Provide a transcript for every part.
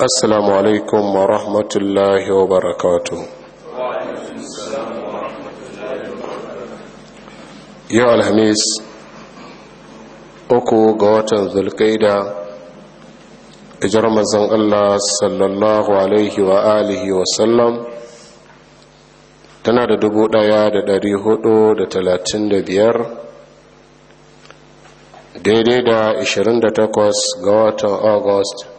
assalamu alaikum wa rahmatullahi wa barakatu yau alhamis uku ga watan zulkaida ijar mazan allah sallallahu alaihi wa wa sallam tana da dubu ɗaya da dari hudu da talatin da biyar daidai da 28 ga watan august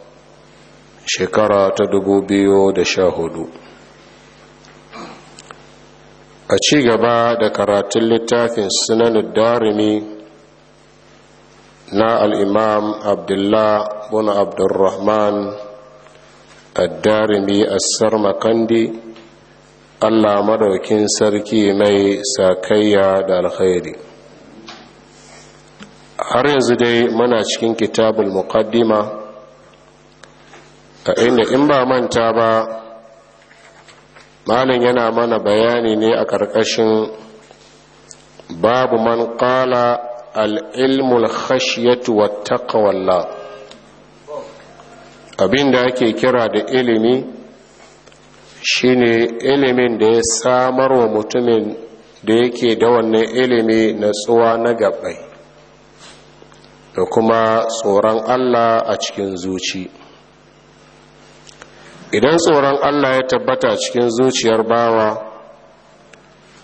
shekara ta dubu biyu da sha hudu. a ci gaba da karatun littafin sunanin darimi na al'imam abdullah bin abdurrahman addarimi a makandi allah madaukin sarki mai sakayya da alkhairi har yanzu dai muna cikin kitabul muqaddima a inda in ba manta ba malin yana mana bayani ne a ƙarƙashin babu man ƙala al'ilmul khashiyatu wa taqawalla abin da ake kira da ilimi shine ilimin da ya samar wa mutumin da yake da wannan ilimi na tsuwa na gabai da kuma tsoron Allah a cikin zuci. idan tsoron allah ya tabbata cikin zuciyar bawa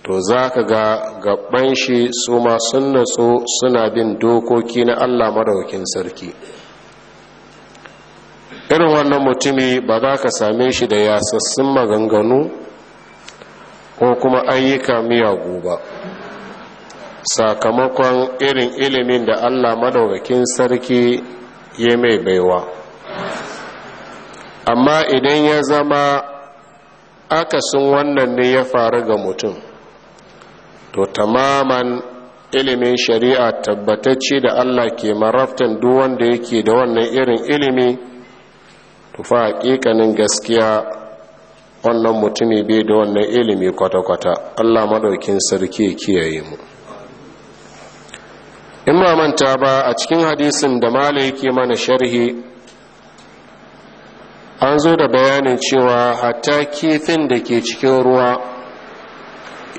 to za ka ga gaban shi su ma sun suna bin dokoki na allah maraukin sarki irin wannan mutumi ba za ka same shi da yasassun maganganu ko kuma ayyuka miyagu ba sakamakon irin ilimin da allah maraukin sarki ya mai baiwa amma idan ya zama akasin wannan ne ya faru ga mutum to tamaman ilimin shari'a tabbatacce da allah ke maraftan duk wanda yake da wannan irin ilimi tufa haƙiƙanin gaskiya wannan mutumi bai da wannan ilimi kwata-kwata allah maɗaukin sarki kiyaye mu in ma manta ba a cikin hadisin da malai yake mana sharhi an zo da bayanin cewa hatta kifin da ke cikin ruwa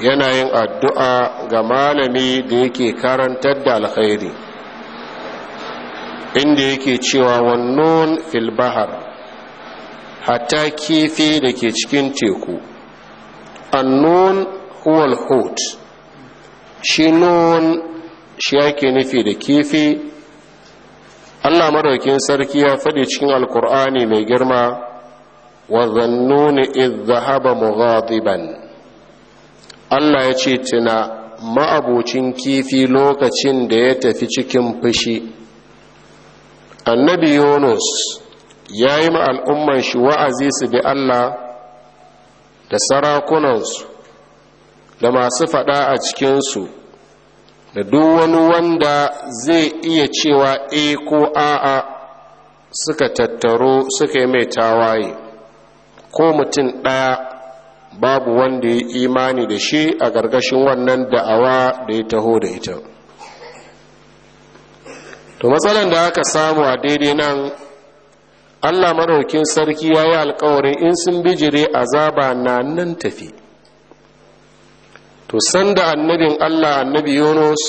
yana yin addu’a ga malami da yake karantar da alkhairi inda yake cewa wannan filbahar hatta kifi da ke cikin teku annon huwal hot shi nun shi ake nufi da kifi Allah madaukin sarki ya faɗi cikin alkur'ani mai girma wa zannuni idh mughadiban Allah ya ce tuna ma'abocin kifi lokacin da ya tafi cikin fushi annabi Yunus ya yi ma al'ummar shi wa'azi su bi Allah da sarakunansu da masu faɗa a cikinsu da duk wani wanda zai iya cewa e ko a'a suka tattaro suka yi mai tawaye ko mutum ɗaya babu wanda ya imani da shi a gargashin wannan da'awa da ya taho da ita to matsalan da aka samu a daidai nan allah maraukin sarki ya yi alkawarin in sun bijire zaba na nan tafi to sanda annabin allah annabi yunus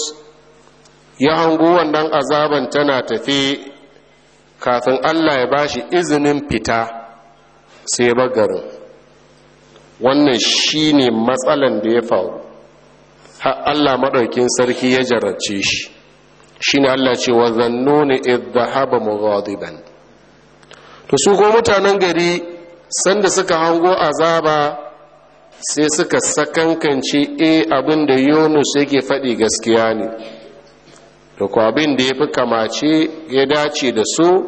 ya hango wannan azaban tana tafi kafin allah ya bashi izinin fita sai ba garin wannan shine matsalan da ya faru ha allah maɗaukin sarki ya jarrace shi shine allah ce wa zannuni idhahaba mughadiban to su ko mutanen gari sanda suka hango azaba sai suka sakankance e abin da yunus yake faɗi gaskiya ne da ku abin da ya fi kamace ya dace da su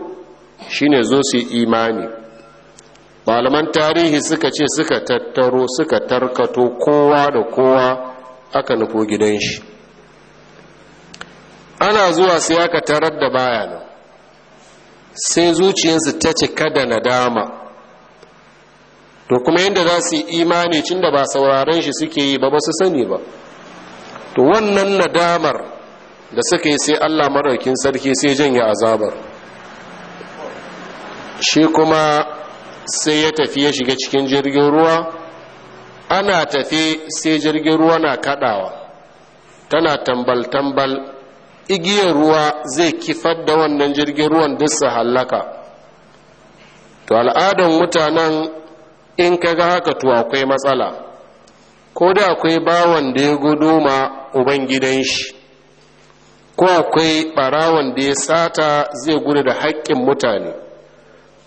shine zo su imani malaman tarihi suka ce suka tattaro suka tarkato kowa da kowa aka nufo gidan shi ana zuwa sai aka tarar da bayanan. sai zuciyarsu ta cika da nadama to kuma yadda za su yi imani cin da ba sauraron shi suke yi ba ba su sani ba to wannan nadamar da suka yi sai allah maraukin sarki sai janye azabar shi kuma sai ya tafi ya shiga cikin jirgin ruwa ana tafi sai jirgin ruwa na kadawa tana tambal-tambal igiyar ruwa zai kifar da wannan jirgin ruwan duk su hallaka to al'adun mutanen in ka ga haka to akwai matsala ko da akwai bawan da ya gudu ma ubangidan shi ko akwai barawan da ya sata zai gudu da haƙƙin mutane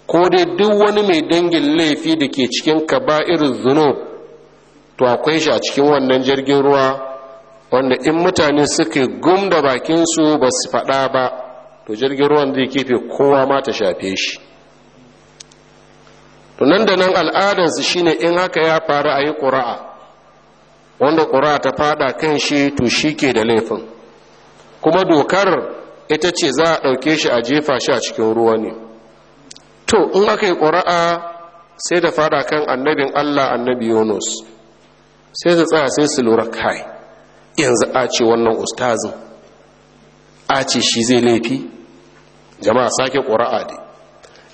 ko dai duk wani mai dangin laifi da ke cikin kaba'irin zunub to akwai shi a cikin wannan jirgin ruwa wanda in mutane suka gum da bakinsu ba su faɗa ba to jirgin ruwan zai kefe kowa ma ta shafe shi to nan da nan su shine in haka ya faru a yi ƙura'a wanda ƙura'a ta fada kan shi to shi ke da laifin kuma dokar ita ce za a ɗauke shi a jefa shi a cikin ruwa ne to in aka yi ƙura'a sai da fada kan annabin allah annabi yunus sai su tsaya sai su lura kai yanzu a ce wannan ustazin a ce shi zai laifi jama'a sake ƙura'a dai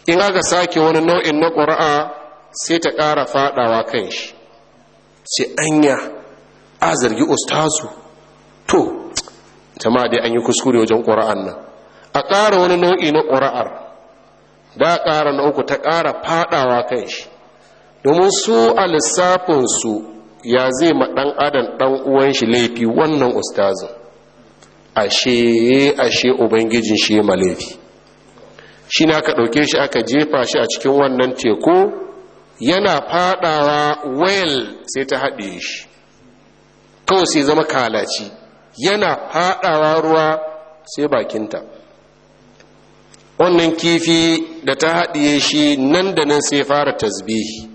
in aka sake wani nau'in na ƙura'a sai ta ƙara faɗawa kan shi sai anya a zargi ustazu to jama'a dai an yi kuskure wajen ƙura'an nan a ƙara wani nau'i na ƙura'ar da ƙara na uku ta ƙara faɗawa kan shi domin su a lissafinsu ya zai ma ɗan adam ɗan uwan shi laifi wannan ustazin ashe ashe ubangijin shi ma laifi shi ne aka ɗauke shi aka jefa shi a cikin wannan teku yana fadawa wayal sai ta haɗe shi kawai sai zama kalaci yana fadawa ruwa sai bakinta wannan kifi da ta haɗiye shi nan da nan sai fara tasbihi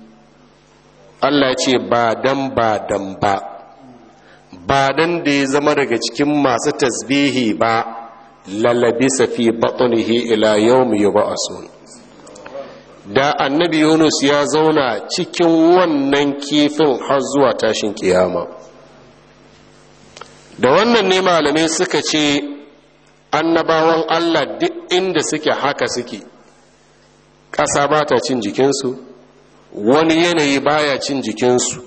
allah ce ba dan ba dan ba ba dan da ya zama daga cikin masu tasbihi ba lalabisa fi batnihi ila yawmi ba'asu. da annabi yunus ya zauna cikin wannan kifin har zuwa tashin kiyama da wannan ne malamai suka ce annabawan allah duk inda suke haka suke ƙasa ba ta cin jikinsu wani yanayi baya cin jikinsu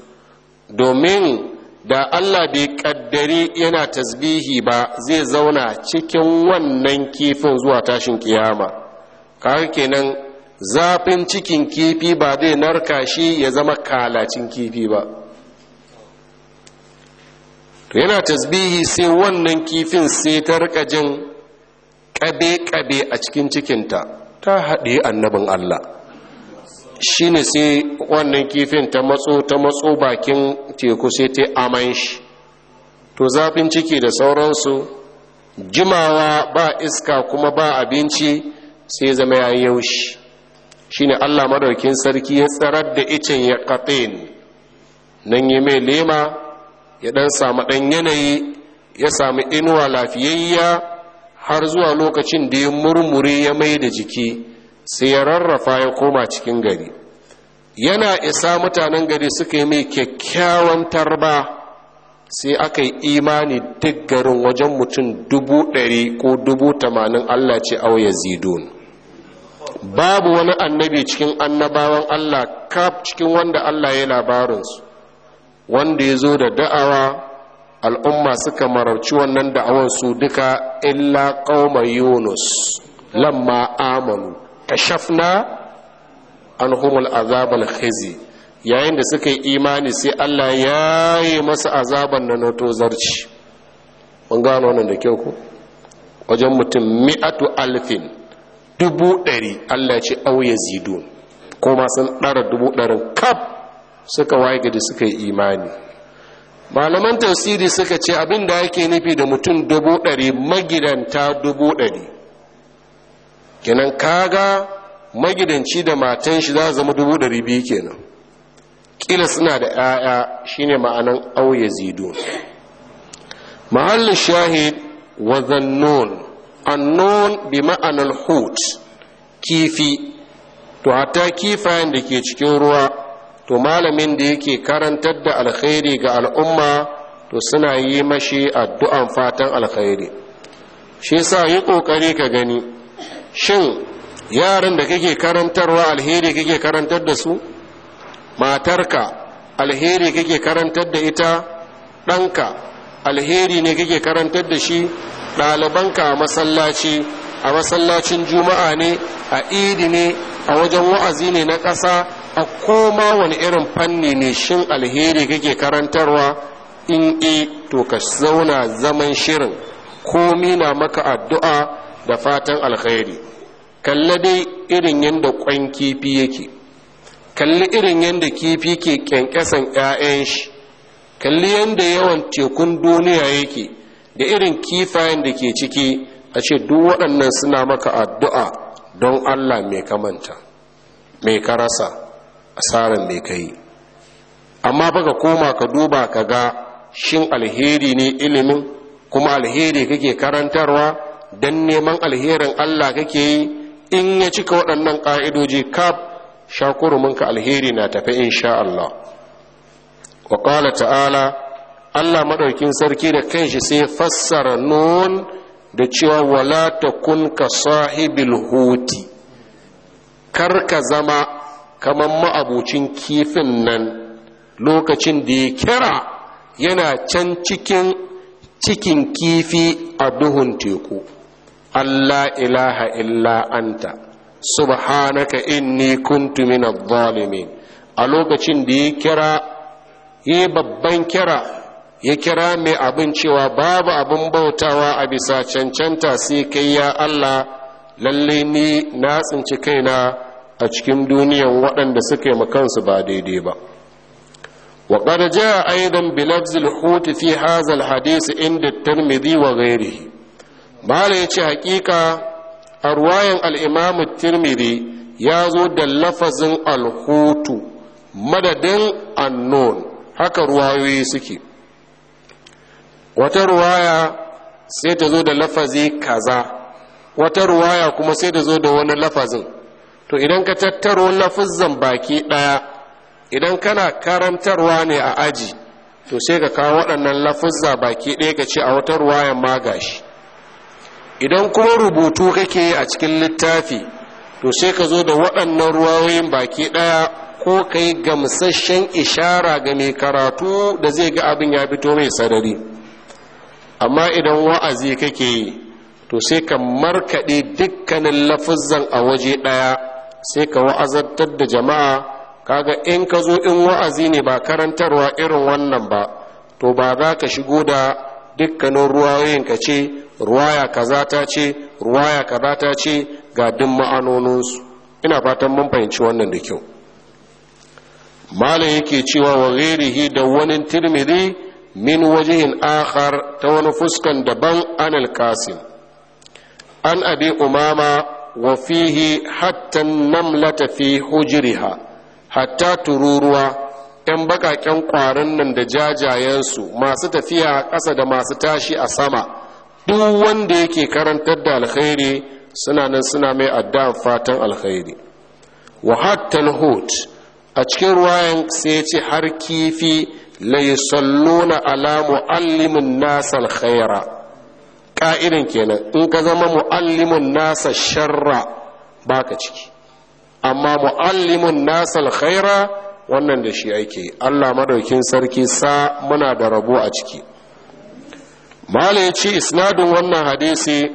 domin da Allah bai kaddari yana tasbihi ba zai zauna cikin wannan kifin zuwa tashin kiyama kawai kenan zafin cikin kifi ba zai narka shi ya zama kalacin kifi ba yana tasbihi sai wannan kifin sai ta rika jin kabe-kabe a cikin cikinta ta haɗe annabin Allah ne sai wannan kifin ta matso ta matso bakin teku sai ta aman shi to zafin ciki da sauransu jimawa ba iska kuma ba abinci sai zama ya yaushi ne Allah madaukin sarki ya tsarar da icen ya katsin nan yi mai lema ya dan samu dan yanayi ya samu inuwa lafiyayya har zuwa lokacin da ya murmure ya mai da jiki sai ya rarrafa ya koma cikin gari yana isa mutanen gari suka yi mai kyakkyawan tarba sai aka yi imani duk garin wajen mutum dubu ɗari ko dubu tamanin allah ce auya zidon babu wani annabi cikin annabawan allah kaf cikin wanda allah ya labarinsu wanda ya zo da da'awa al'umma suka mararci wannan da'awar su duka illa ƙaumar yunus lamma amanu kashafna an humul azabal khizi yayin da suka yi imani sai Allah ya yi masa azaban na na tozarci mun gano wannan da kyau ku wajen mutum mi'atu alfin dubu ɗari Allah ce auye zidun kuma sun ɗara dubu ɗarin kaf suka waye gadi suka yi imani malaman tafsiri suka ce abin da yake nufi da mutum dubu ɗari magidanta dubu ɗari kenan kaga magidanci da matan shi za zama dubu ɗari biyu kenan ƙila suna da 'ya'ya shine ma'anan auye zido mahallin shahid wa zannon annon bi ma'anar hut kifi to hata kifayen da ke cikin ruwa to malamin da yake karantar da alkhairi ga al'umma to suna yi mashi addu'an fatan alkhairi shi sa yi ƙoƙari ka gani shin yaran da kake karantarwa alheri kake karantar da su matarka alheri kake karantar da ita ɗanka alheri ne kake karantar da shi ɗalibanka a masallaci a masallacin juma'a ne a idi ne a wajen wa'azi ne na ƙasa a koma wani irin fanni ne shin alheri kake karantarwa in e to ka zauna zaman shirin komi na maka addu'a da fatan alkhairi kalla dai irin yadda kwan kifi yake kalli irin yadda kifi ke ƙyanƙyasan 'ya'yan shi kalli yadda yawan tekun duniya yake da irin kifayen da ke ciki a ce duk waɗannan suna maka addu'a don allah mai kamanta mai karasa asarar mai kai amma baka koma ka duba ka ga shin alheri ne ilimin kuma alheri kake karantarwa don neman alherin allah kake yi in ya cika waɗannan ƙa'idoji kaf shakuruminka alheri na tafi sha Allah wa ƙala ta'ala Allah maɗaukin sarki da kanshi sai fassara nun da cewa wala ta kun ka sahibil hoti kar ka zama kamar ma'abucin kifin nan lokacin da ya kira yana can cikin cikin kifi a duhun teku Allah ilaha illa anta subhanaka inni kuntu minadh zalimin a lokacin da ya kira yi babban kira ya kira mai abin cewa babu abin bautawa a bisa cancanta sai kai ya Allah lalle ni na tsinci kaina a cikin duniyan waɗanda suka yi kansu ba daidai ba wa qad jaa aidan bi lafzil hut fi hadha al hadith inda at-tirmidhi wa ghayrihi bala ya ce hakika a ruwayan al'imamu tirmidhi ya zo da lafazin alhutu madadin annon haka ruwayoyi suke wata ruwaya sai ta zo da lafazi kaza wata ruwaya kuma sai ta zo da wani lafazin to idan ka tattaro lafazin baki ɗaya idan kana karantarwa ne a aji to sai ka kawo waɗannan lafazza baki ɗaya ka ce a wata ruwayan magashi idan kuma rubutu kake a cikin littafi to sai ka zo da waɗannan ruwayoyin baki ɗaya ko ka yi gamsasshen ishara ga mai karatu da zai ga abin ya fito mai sarari amma idan wa'azi kake yi to sai ka markaɗe dukkanin lafizan a waje ɗaya sai ka wa'azantar da jama'a kaga in ka zo in wa'azi ne ba karantarwa irin wannan ba to ba za ka shigo da dukkanin ruwayoyin ka ce ruwaya kaza ta ce ruwaya kaza ta ce ga duk ma'anoninsu ina fatan mun fahimci wannan da kyau malam yake cewa wa ghairihi da wani tirmidhi min wajihin akhar ta wani fuskan daban anil kasim an abi umama wa fihi hatta namlata fi hujriha hatta tururuwa yan bakaken kwarin nan da jajayensu masu tafiya a ƙasa da masu tashi a sama duk wanda yake karantar da alkhairi suna nan suna mai addu'an fatan alkhairi wa hatta hut a cikin ruwayan sai ya ce har kifi la yusalluna ala muallimin nas alkhaira ka'idan kenan in ka zama muallimin nasa sharra baka ciki amma mu'allimin nas alkhaira wannan da shi ake Allah madaukin sarki sa muna da rabo a ciki mala ya ce isnadin wannan hadisi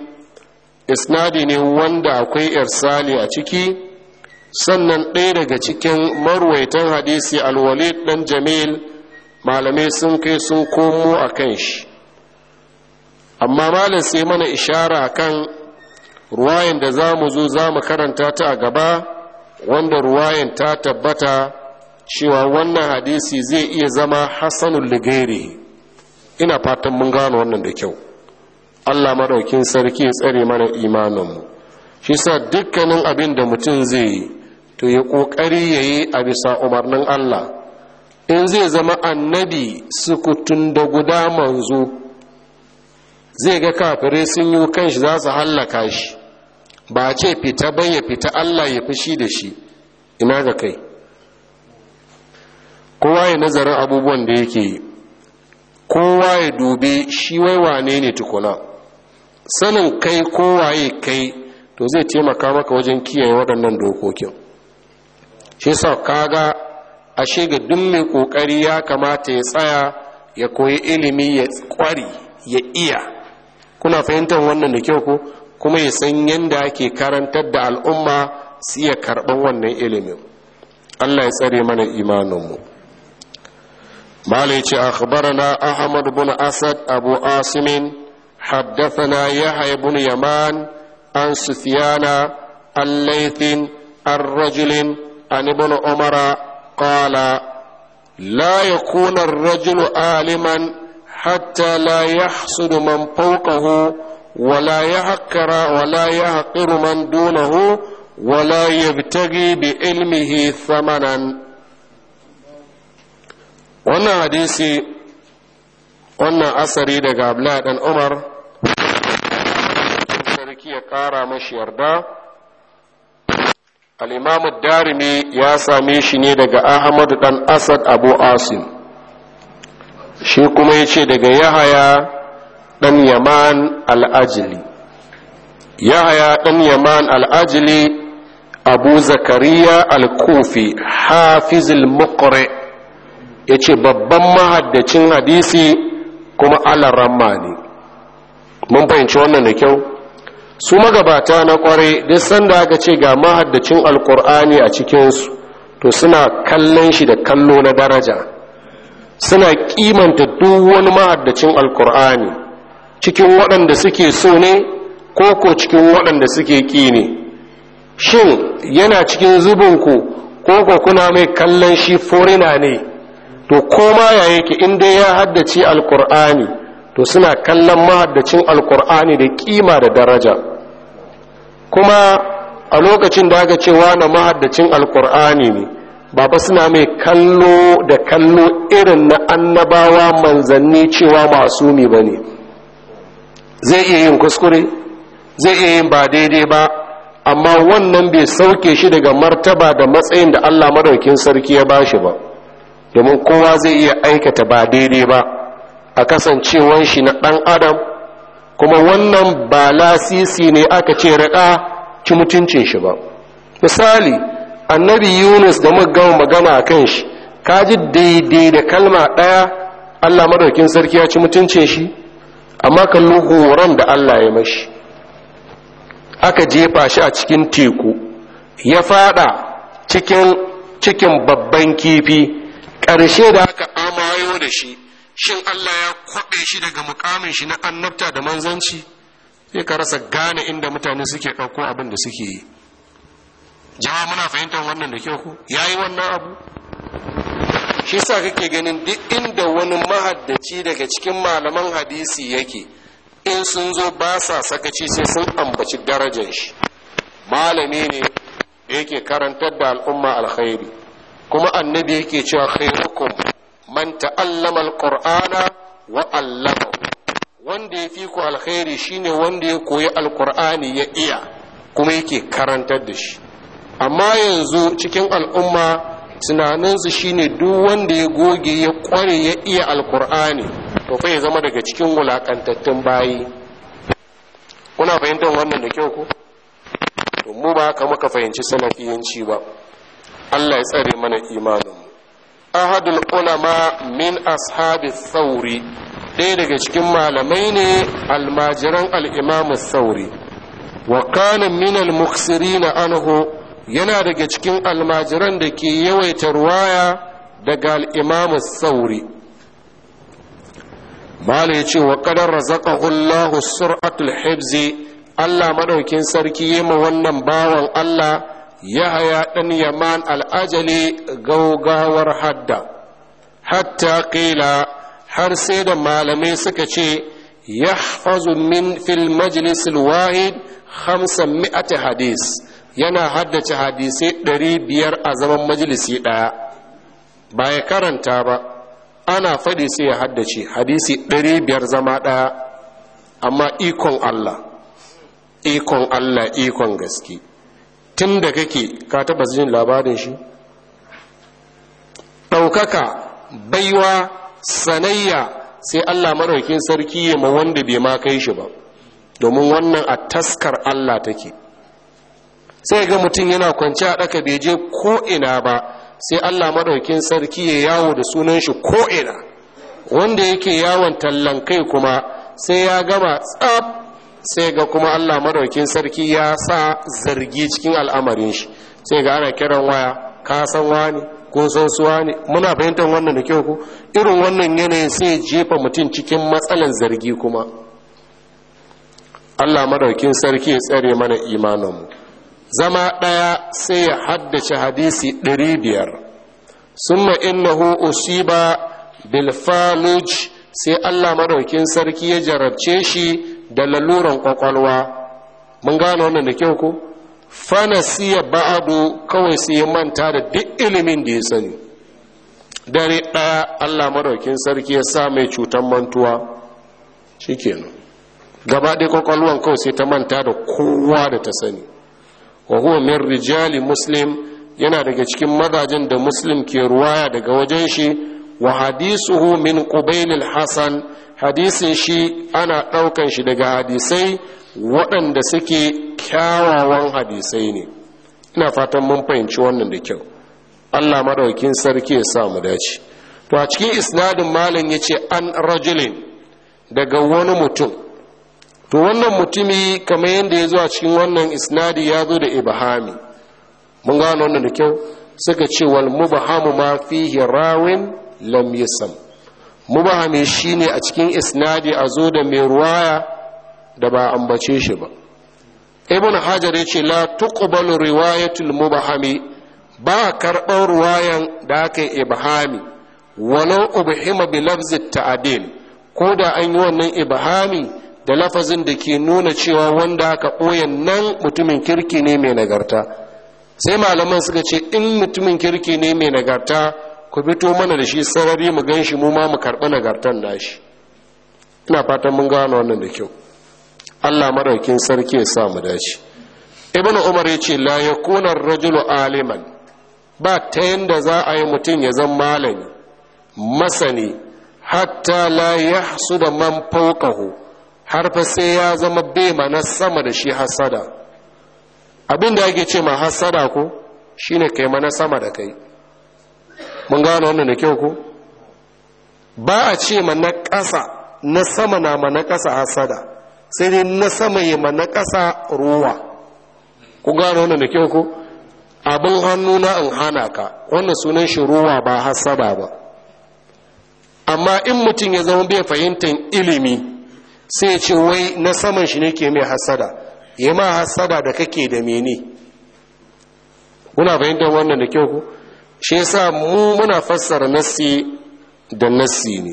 isnadi ne wanda akwai irsali a ciki sannan ɗaya daga cikin marwaitan hadisi alwalid ɗan jamil malamai sun kai sun komo a kan shi amma malam sai mana ishara kan ruwayan da za mu zo za mu karanta ta a gaba wanda ruwayan ta tabbata cewa wannan hadisi zai iya zama hassanul ligeri ina fatan mun gano wannan da kyau allah maɗaukin sarki ya tsare mana imaninmu shi sa dukkanin abin da mutum zai yi to ya ƙoƙari ya yi a bisa umarnin allah in zai zama annabi sukutun da guda manzo zai ga kafirai sun yi kanshi za su hallaka shi ba ce fita ban ya fita allah ya fi shi da shi ina ga kai kowa ya nazarin abubuwan da yake yi kowa ya dube shi wai wane ne tukuna sanin kai kowa ya kai to zai taimaka maka wajen kiyaye waɗannan dokokin shi sa kaga ashe ga duk mai ƙoƙari ya kamata ya tsaya ya koyi ilimi ya ƙwari ya iya kuna fahimtar wannan da kyau ko kuma ya san yadda ake karantar da al'umma su iya karɓar wannan ilimin allah ya tsare mana imaninmu mala أخبرنا أحمد بن أسد أبو آسم حدثنا يحيى بن يمان عن سفيان الليث ليث عن رجل عن ابن عمر قال لا يكون الرجل عالما حتى لا يحسد من فوقه ولا يحقر ولا يحقر من دونه ولا يبتغي بعلمه ثمنا wannan hadisi wannan asari daga abla dan umar sarki ya kara mashi yarda al'imamu darimi ya same shi ne daga ahmad dan asad abu asim shi kuma ya ce daga yahaya dan yaman al'ajili yahaya dan yaman al'ajili abu zakariya al-kufi hafizul muqri' ya ce babban mahaddacin hadisi kuma alaramma ne mun fahimci wannan da kyau su magabata na kwarai duk sanda aka ce ga mahaddacin alkur'ani a cikinsu to suna kallon shi da kallo na daraja suna kimanta duk wani mahaddacin alkur'ani cikin waɗanda suke so ne ko ko cikin waɗanda suke ƙi ne shin yana cikin zubinku ko ko kuna mai kallon shi forina ne to koma ya yake in dai ya haddace alkur'ani to suna kallon mahaddacin alkur'ani da kima da daraja kuma a lokacin da aka cewa na mahaddacin alkur'ani ne baba suna mai kallo da kallo irin na annabawa manzanni cewa masumi ba ne zai iya yin kuskure zai iya yin ba daidai ba amma wannan bai sauke shi daga martaba da matsayin da allah madaukin sarki ya bashi ba domin kowa zai iya aikata ba daidai ba a kasancewan shi na ɗan adam kuma wannan ba lasisi ne aka ce raɗa ci mutuncin shi ba misali annabi yunus da gama magana a kan shi ka ji daidai da kalma ɗaya allah madaukin sarki ya ci mutuncin shi amma kallo horon da allah ya mashi aka jefa shi a cikin teku ya fada cikin babban kifi ƙarshe da aka amayo da shi shin Allah ya kwaɓe shi daga mukamin shi na annabta da manzanci sai ka rasa gane inda mutane suke ɗauko abin da suke yi jama muna fahimtar wannan da kyau ku, ya yi wannan abu shi sa kake ganin duk inda wani mahaddaci daga cikin malaman hadisi yake in sun zo ba sa sakaci sai sun ambaci darajar shi malami ne yake karantar da al'umma alkhairi kuma annabi yake cewa khairukum man ta'allama alqur'ana wa 'allama wanda ya fi ku alkhairi shine wanda ya koyi alqur'ani ya iya kuma yake karantar da shi amma yanzu cikin al'umma tunaninsu shine duk wanda ya goge ya kware ya iya alkur'ani to fa ya zama daga cikin wulakantattun bayi kuna fahimtar wannan da kyau ku to mu ba ka muka fahimci salafiyanci ba Allah ya tsare mana imaninmu ahadul ulama min ashabi sauri ɗaya daga cikin malamai ne almajiran al'imamu sauri wa Minal muksiri na anhu yana daga cikin almajiran da ke yawaita ruwaya daga al'imamu sauri mala ya ce wa kadar razaqahullahu sur'atul hibzi Allah madaukin sarki yema wannan bawan Allah yahaya ɗan yaman al'ajali gaugawar hadda hatta ƙila har sai da malamai suka ce ya min fil majlis wahid hamsa mi'ati hadis yana haddace hadisai ɗari biyar a zaman majalisi ɗaya ba ya karanta ba ana faɗi sai ya haddace hadisi ɗari biyar zama ɗaya amma ikon allah ikon allah ikon gaske tun da kake ka taba jin labarin shi ɗaukaka baiwa sanayya sai allah maraukin sarki ya ma wanda bai ma kai shi ba domin wannan a taskar allah take sai ga mutum yana kwanci a ɗaka bai je ko'ina ba sai allah maraukin sarki ya yawo da sunan shi ko'ina wanda yake yawon tallan kai kuma sai ya gama tsab sai ga kuma Allah madaukin sarki ya sa zargi cikin al'amarin shi sai ga ana kiran waya ka san wani ko san su wani. muna fahimtar wannan da kyau ko irin wannan yanayin sai jefa mutum cikin matsalan zargi kuma Allah madaukin sarki ya tsare mana imaninmu zama ɗaya sai ya haddace hadisi ɗari biyar summa innahu usiba bil faluj sai Allah madaukin sarki ya jarabce shi da laluran kwakwalwa mun gane wannan da kyau ko fanasiya ba'adu kawai sai ya manta da duk ilimin da ya sani dare ɗaya allah maraukin sarki ya sa mai cutar mantuwa shikenan gaba ɗaya kwakwalwan kawai sai ta manta da kowa da ta sani wa huwa rijali muslim yana daga cikin mazajen da muslim ke ruwaya daga wajen shi wa hadisuhu min qubail hasan hadisin shi ana ɗaukan shi daga hadisai waɗanda suke kyawawan hadisai ne ina fatan mun fahimci wannan da kyau allah maɗaukin sarki ya samu dace to a cikin isnadin malin ya ce an rajulin daga wani mutum to wannan mutumi kamar yadda ya zo a cikin wannan isnadi ya zo da ibahami mun gano wannan da kyau suka ce wal mubahamu ma fihi rawin lam yasam mubahami ne a cikin isnadi a zo da mai ruwaya da ba ambace shi ba ibn hajar ya ce la tuqbalu riwayatul mubahami ba karɓar ruwayan da aka yi ibhami walau ubhima bi lafzi ta'dil ko da an yi wannan ibhami da lafazin da ke nuna cewa wanda aka ɓoye nan mutumin kirki ne mai nagarta sai malaman suka ce in mutumin kirki ne mai nagarta ku fito mana da shi sarari mu gan shi mu ma mu karɓi nagartan shi ina fatan mun gano wannan da kyau allah maraukin sarki ya sa mu dace ibn umar ya ce la yakuna rajulu aliman ba ta yanda za a yi mutum ya zama malami masani hatta la su da man fawqahu har fa sai ya zama be mana sama da shi hasada abin da ake ce ma hasada ko shine kai mana sama da kai mun gano wannan da kyau ko ba a ce ma na ƙasa na sama na ma na ƙasa hasada sai dai na sama ya ma na ƙasa ruwa ku gano wannan da kyau ko abin hannu na in hana ka wannan sunan shi ruwa ba hasaba ba amma in mutum ya zama bai fahimtar ilimi sai ce wai na saman shi ne ke mai hasada ya ma hasada da kake da mene kuna fahimtar wannan da kyau ku shi yasa mu muna fassara nassi da nassi ne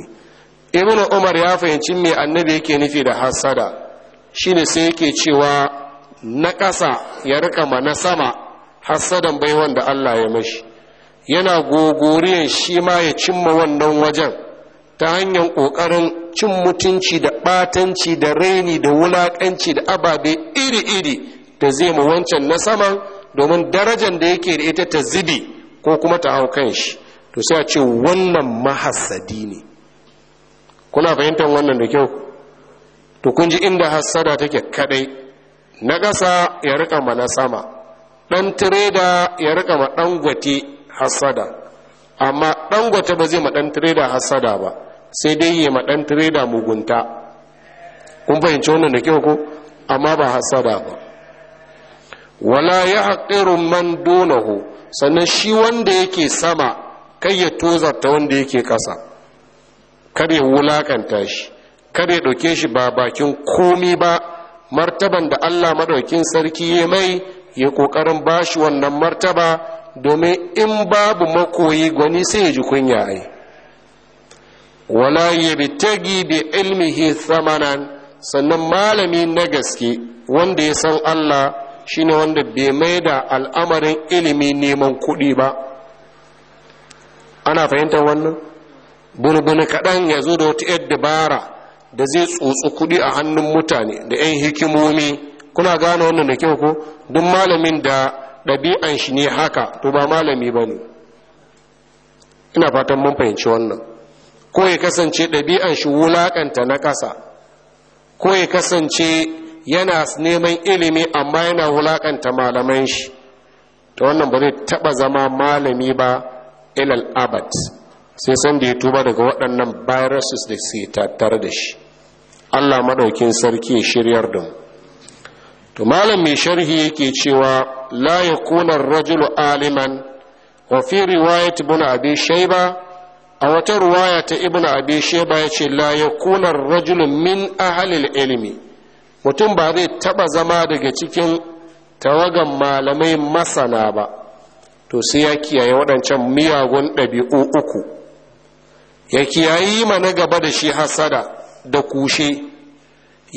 ibnu umar ya fahimci me annabi yake nufi da hasada shine sai yake cewa na ƙasa ya rika ma na sama hasadan bai wanda Allah ya mashi yana gogoriyan shi ma ya cimma wannan wajen ta hanyar ƙoƙarin cin mutunci da ɓatanci da raini da wulaƙanci da ababe iri-iri da zai mu wancan na saman domin darajar da yake da ita ta zibi ko kuma ta hau kan shi to sai a ce wannan mahasadi ne kuna fahimtar wannan da kyau to kun ji inda hasada take kadai na ƙasa ya rika ma na sama ɗan tireda ya rika ma ɗan gwate hassada amma ɗan gwate ba zai ma ɗan tireda hassada ba sai dai ya ma ɗan tireda mugunta kun fahimci wannan da kyau ko amma ba hassada ba wala ya haƙirun man donahu sannan shi wanda yake sama kai ya tozarta wanda yake ƙasa kar ya wulakanta shi kar ya ɗauke shi ba bakin komi ba martaban da allah maɗaukin sarki ya mai ya ƙoƙarin ba shi wannan martaba domin in babu makoyi gwani sai ya ji kunya ai wala ya bitagi bi ilmihi samanan sannan malami na gaske wanda ya san allah shine wanda bai mai da al'amarin ilimi neman kuɗi ba ana fahimtar wannan bulbul kaɗan ya zo da wata yar dabara da zai tsotsi kuɗi a hannun mutane da 'yan hikimomi kuna gane wannan da kyau ko duk malamin da ɗabi'an shi ne haka to ba malami ba ne ina fatan mun fahimci wannan ko ya kasance ɗabi'an shi wulaƙanta na ƙasa ko ya kasance yana neman ilimi amma yana wulakanta malaman shi ta wannan ba zai taɓa zama malami ba ilal abad sai san da ya tuba daga waɗannan viruses da suke tattare da shi allah maɗaukin sarki ya shiryar da mu to malam mai sharhi yake cewa la ya kunar rajulu aliman wa fi riwayat ibn abi a wata ruwaya ta ibn abi ya ce la ya kunar rajulu min ahlil ilimi. mutum ba zai taba zama daga cikin tawagan malamai masana ba to sai ya kiyaye waɗancan miyagun ɗabi'u uku ya kiyayi mana gaba da shi hasada da kushe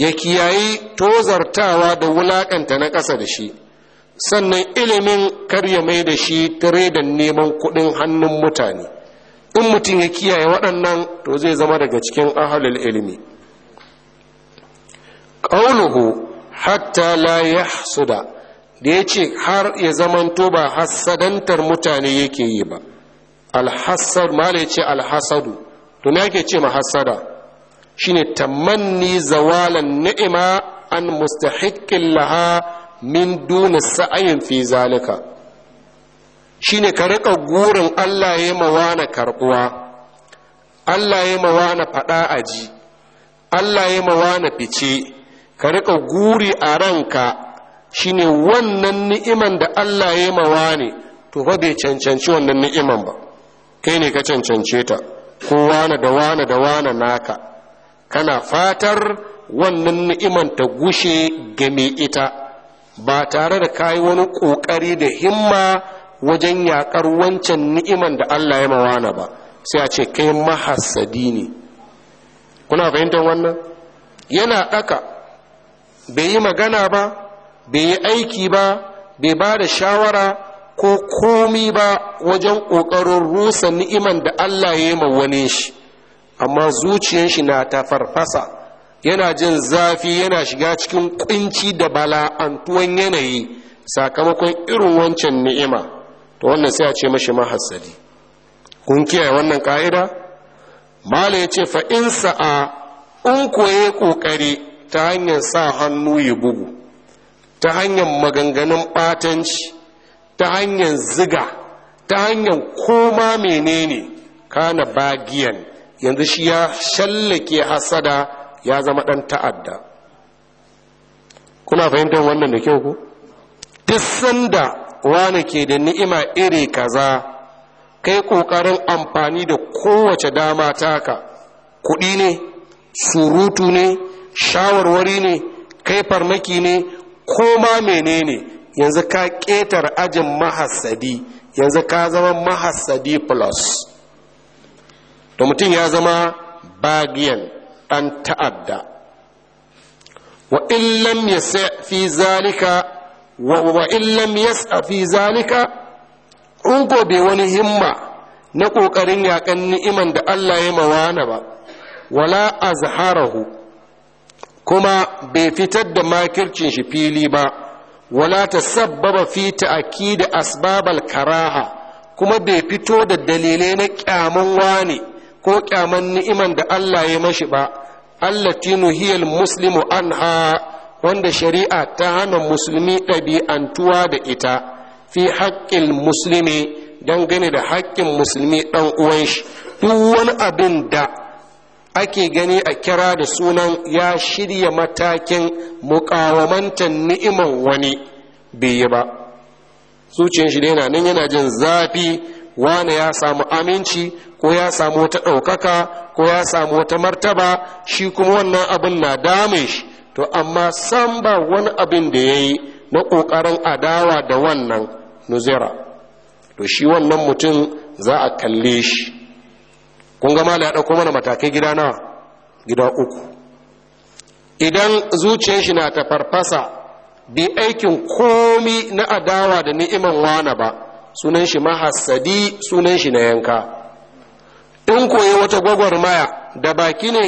ya kiyayi tozartawa da wulaƙanta na ƙasa da shi sannan ilimin karya mai da shi tare da neman kuɗin hannun mutane in mutum ya kiyaye waɗannan to zai zama daga cikin ahalul ilimi qawluhu hatta la yahsuda da yace har ya zamanto ba hassadantar mutane yake yi ba alhassad mala yace alhasadu to me yake ce mahassada shine tamanni zawalan ni'ima an mustahiqqin laha min duni sa'ayin fi zalika shine ka riƙa gurin Allah ya na karɓuwa, Allah ya mawana fada aji Allah ya na fice ka rika guri a ranka shine wannan ni'iman da Allah ya mawa ne to fa bai cancanci wannan ni'iman ba kai ne ka cancance ta ko wane da wane da wane naka kana fatar wannan ni'iman ta gushe game ita ba tare da kayi wani ƙoƙari da himma wajen yaƙar wancan ni'iman da Allah ya mawana ba sai a ce kai mahasadi ne kuna fahimtar wannan yana ɗaka bai yi magana ba bai yi aiki ba bai ba da shawara ko komi ba wajen ƙoƙarin rusa ni'iman da Allah ya yi ma shi amma zuciyar shi na ta farfasa yana jin zafi yana shiga cikin kunci da bala'antuwan yanayi sakamakon irin wancan ni'ima to wannan sai a ce mashi mahasali. kun kiyaye wannan ka'ida mala ya ce fa'insa a in ƙoƙari ta hanyar sa hannu ya bugu ta hanyar maganganun ɓatanci ta hanyar ziga ta hanyar koma menene kana bagiyan yanzu shi ya shallake hasada ya zama ɗan ta'adda kuna fahimtar wannan da kyau ku? duk sanda wane ke da ni'ima iri kaza kai ƙoƙarin amfani da kowace dama taka kuɗi ne surutu ne shawarwari ne kai farmaki ne ko ma menene yanzu ka ƙetar ajin mahasadi yanzu ka zama mahasadi plus da mutum ya zama bagiyan ɗan ta'adda wa illam ya fi zalika wa illam ya fi zalika in gobe wani himma na ƙoƙarin yaƙan ni'iman da Allah ya mawa mawana ba wala azharahu kuma bai fitar da makircin shi fili ba wala ta sabbaba fi ta'aki da asbabal karaha kuma bai fito da dalilai na kyamun wane ko kyaman ni'iman da Allah ya mashi ba Allah allati nuhiyal muslimu anha wanda shari'a ta hana musulmi ɗabi'antuwa da ita fi haƙƙin musulmi dangane da haƙƙin musulmi ɗan uwan shi duk wani abin da ake gani a kira da sunan ya shirya matakin mukawamantar ni'iman wani bai yi ba zuciyar shi yana nan yana jin zafi wane ya samu aminci ko ya samu wata ɗaukaka ko ya samu wata martaba shi kuma wannan abin na dame shi to amma san ba wani abin da ya yi na ƙoƙarin adawa da wannan nuzera to shi wannan mutum za a kalle shi kun ga mala ya ɗauko mana matakai gida na gida uku idan zuciyar shi na ta farfasa bi aikin komi na adawa da ni'iman wana ba sunan shi mahasadi, sunan shi na yanka in koyi wata gwagwarmaya da baki ne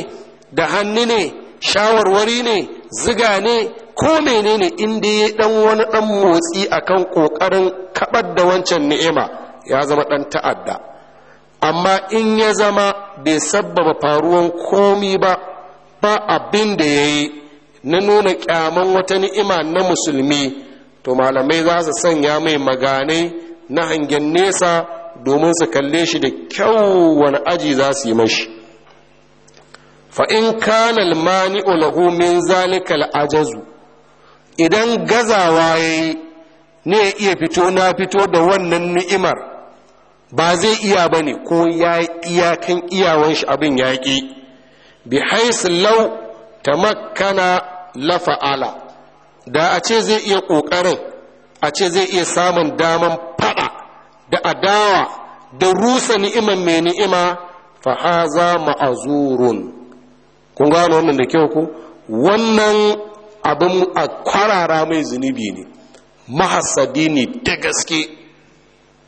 da hannu ne shawarwari ne ziga ne ko menene inda ya dan wani dan motsi akan kokarin kabar da wancan ni'ima ya zama dan ta'adda amma in ya zama bai sabbaba faruwan komi ba ba abin da ya yi na nuna kyaman wata ni'ima na musulmi to malamai za su sanya mai maganai na hangen nesa domin su kalle shi da kyau wani aji za su yi mashi fa'in kanal mani lahu min zalikal ajazu idan gazawa ya yi ne ya iya fito na fito da wannan ni'imar ba zai iya ba ne ko ya iyakan iyawan shi abin ya ƙi bi lau ta makana lafa'ala da a ce zai iya ƙoƙarin a ce zai iya samun daman faɗa da adawa da rusa ni'iman mai ni'ima fa haza ma'azurun kun gano wannan da kyau ku wannan abin a kwarara mai zunubi ne mahasadi ne da gaske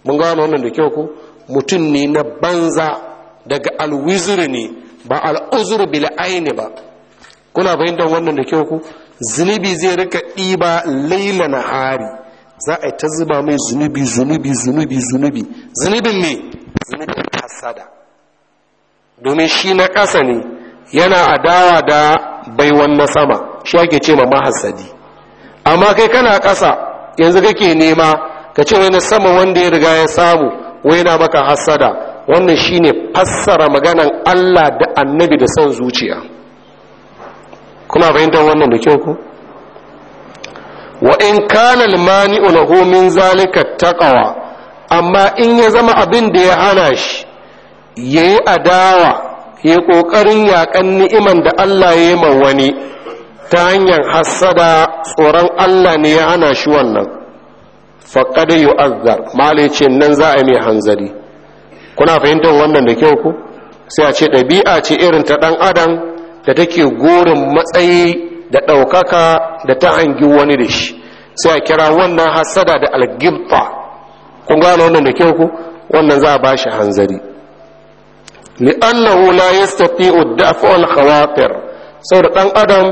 mun gano wannan da kyau ko mutum ne na banza daga alwizuri ne ba al'uzur bil aini ba kuna fahimtar wannan da kyau ko zunubi zai rika ɗiba laila na hari za a yi ta zuba mai zunubi zunubi zunubi zunubi zunubin ne zunubin hasada domin shi na ƙasa ne yana a adawa da baiwan na sama shi ake ce ma mahasadi amma kai kana ƙasa yanzu kake nema ka ce wani sama wanda ya riga ya samu wai na maka hasada wannan shine fassara maganan Allah da annabi da son zuciya kuna fahimtar wannan da kyau ku wa in kana almani'u lahu min zalika taqwa amma in ya zama abin da ya hana shi yayi adawa ya kokarin yakan ni'iman da Allah ya yi wani ta hanyar hasada tsoron Allah ne ya hana shi wannan faƙada yi azgar mali ce nan za a yi mai hanzari kuna fahimtar wannan da kyau ku sai a ce ɗabi'a ce irin ta ɗan adam da take gorin matsayi da ɗaukaka da ta hangi wani da shi sai a kira wannan hasada da algibta kun gano wannan da kyau ku wannan za a ba shi hanzari li'annahu la yastati'u da'fu al-khawatir saboda ɗan adam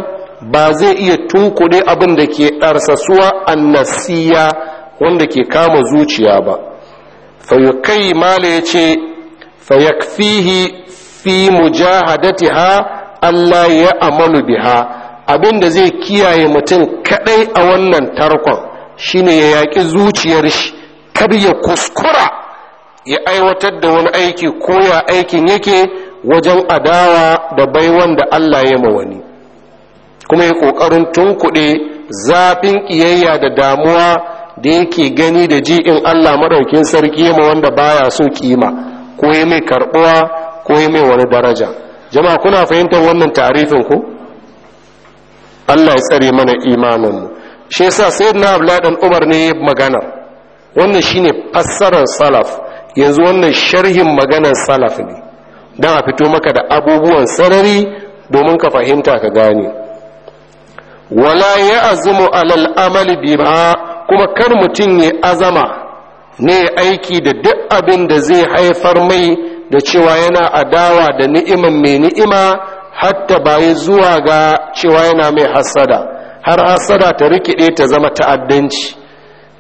ba zai iya tunkuɗe abin da ke ɗarsasuwa annasiya wanda ke kama zuciya ba fayukai mala ya ce fayakfihi fi mujahadatiha Allah ya amanu biha abinda zai kiyaye mutum kadai a wannan tarkon shine ya yaƙi zuciyar shi kar ya kuskura ya aiwatar da wani aiki ko ya aikin yake wajen adawa da baiwan da Allah ya ma wani kuma ya ƙoƙarin tunkuɗe zafin ƙiyayya da damuwa da yake gani da ji in Allah madaukin sarki ma wanda baya so kima ko ya mai karbuwa ko ya mai wani daraja jama'a kuna fahimtar wannan tarifin ku Allah ya tsare mana imanin mu shi yasa sayyidina Abdullah dan Umar ne magana wannan shine fassarar salaf yanzu wannan sharhin maganar salaf ne dan a fito maka da abubuwan sarari domin ka fahimta ka gane wala ya azumu alal amali bima kuma kar mutum ya azama ne aiki da duk abin da zai haifar mai da cewa yana adawa da ni'iman mai ni'ima hatta bayi zuwa ga cewa yana mai hasada har hasada ta rikide ta zama ta'addanci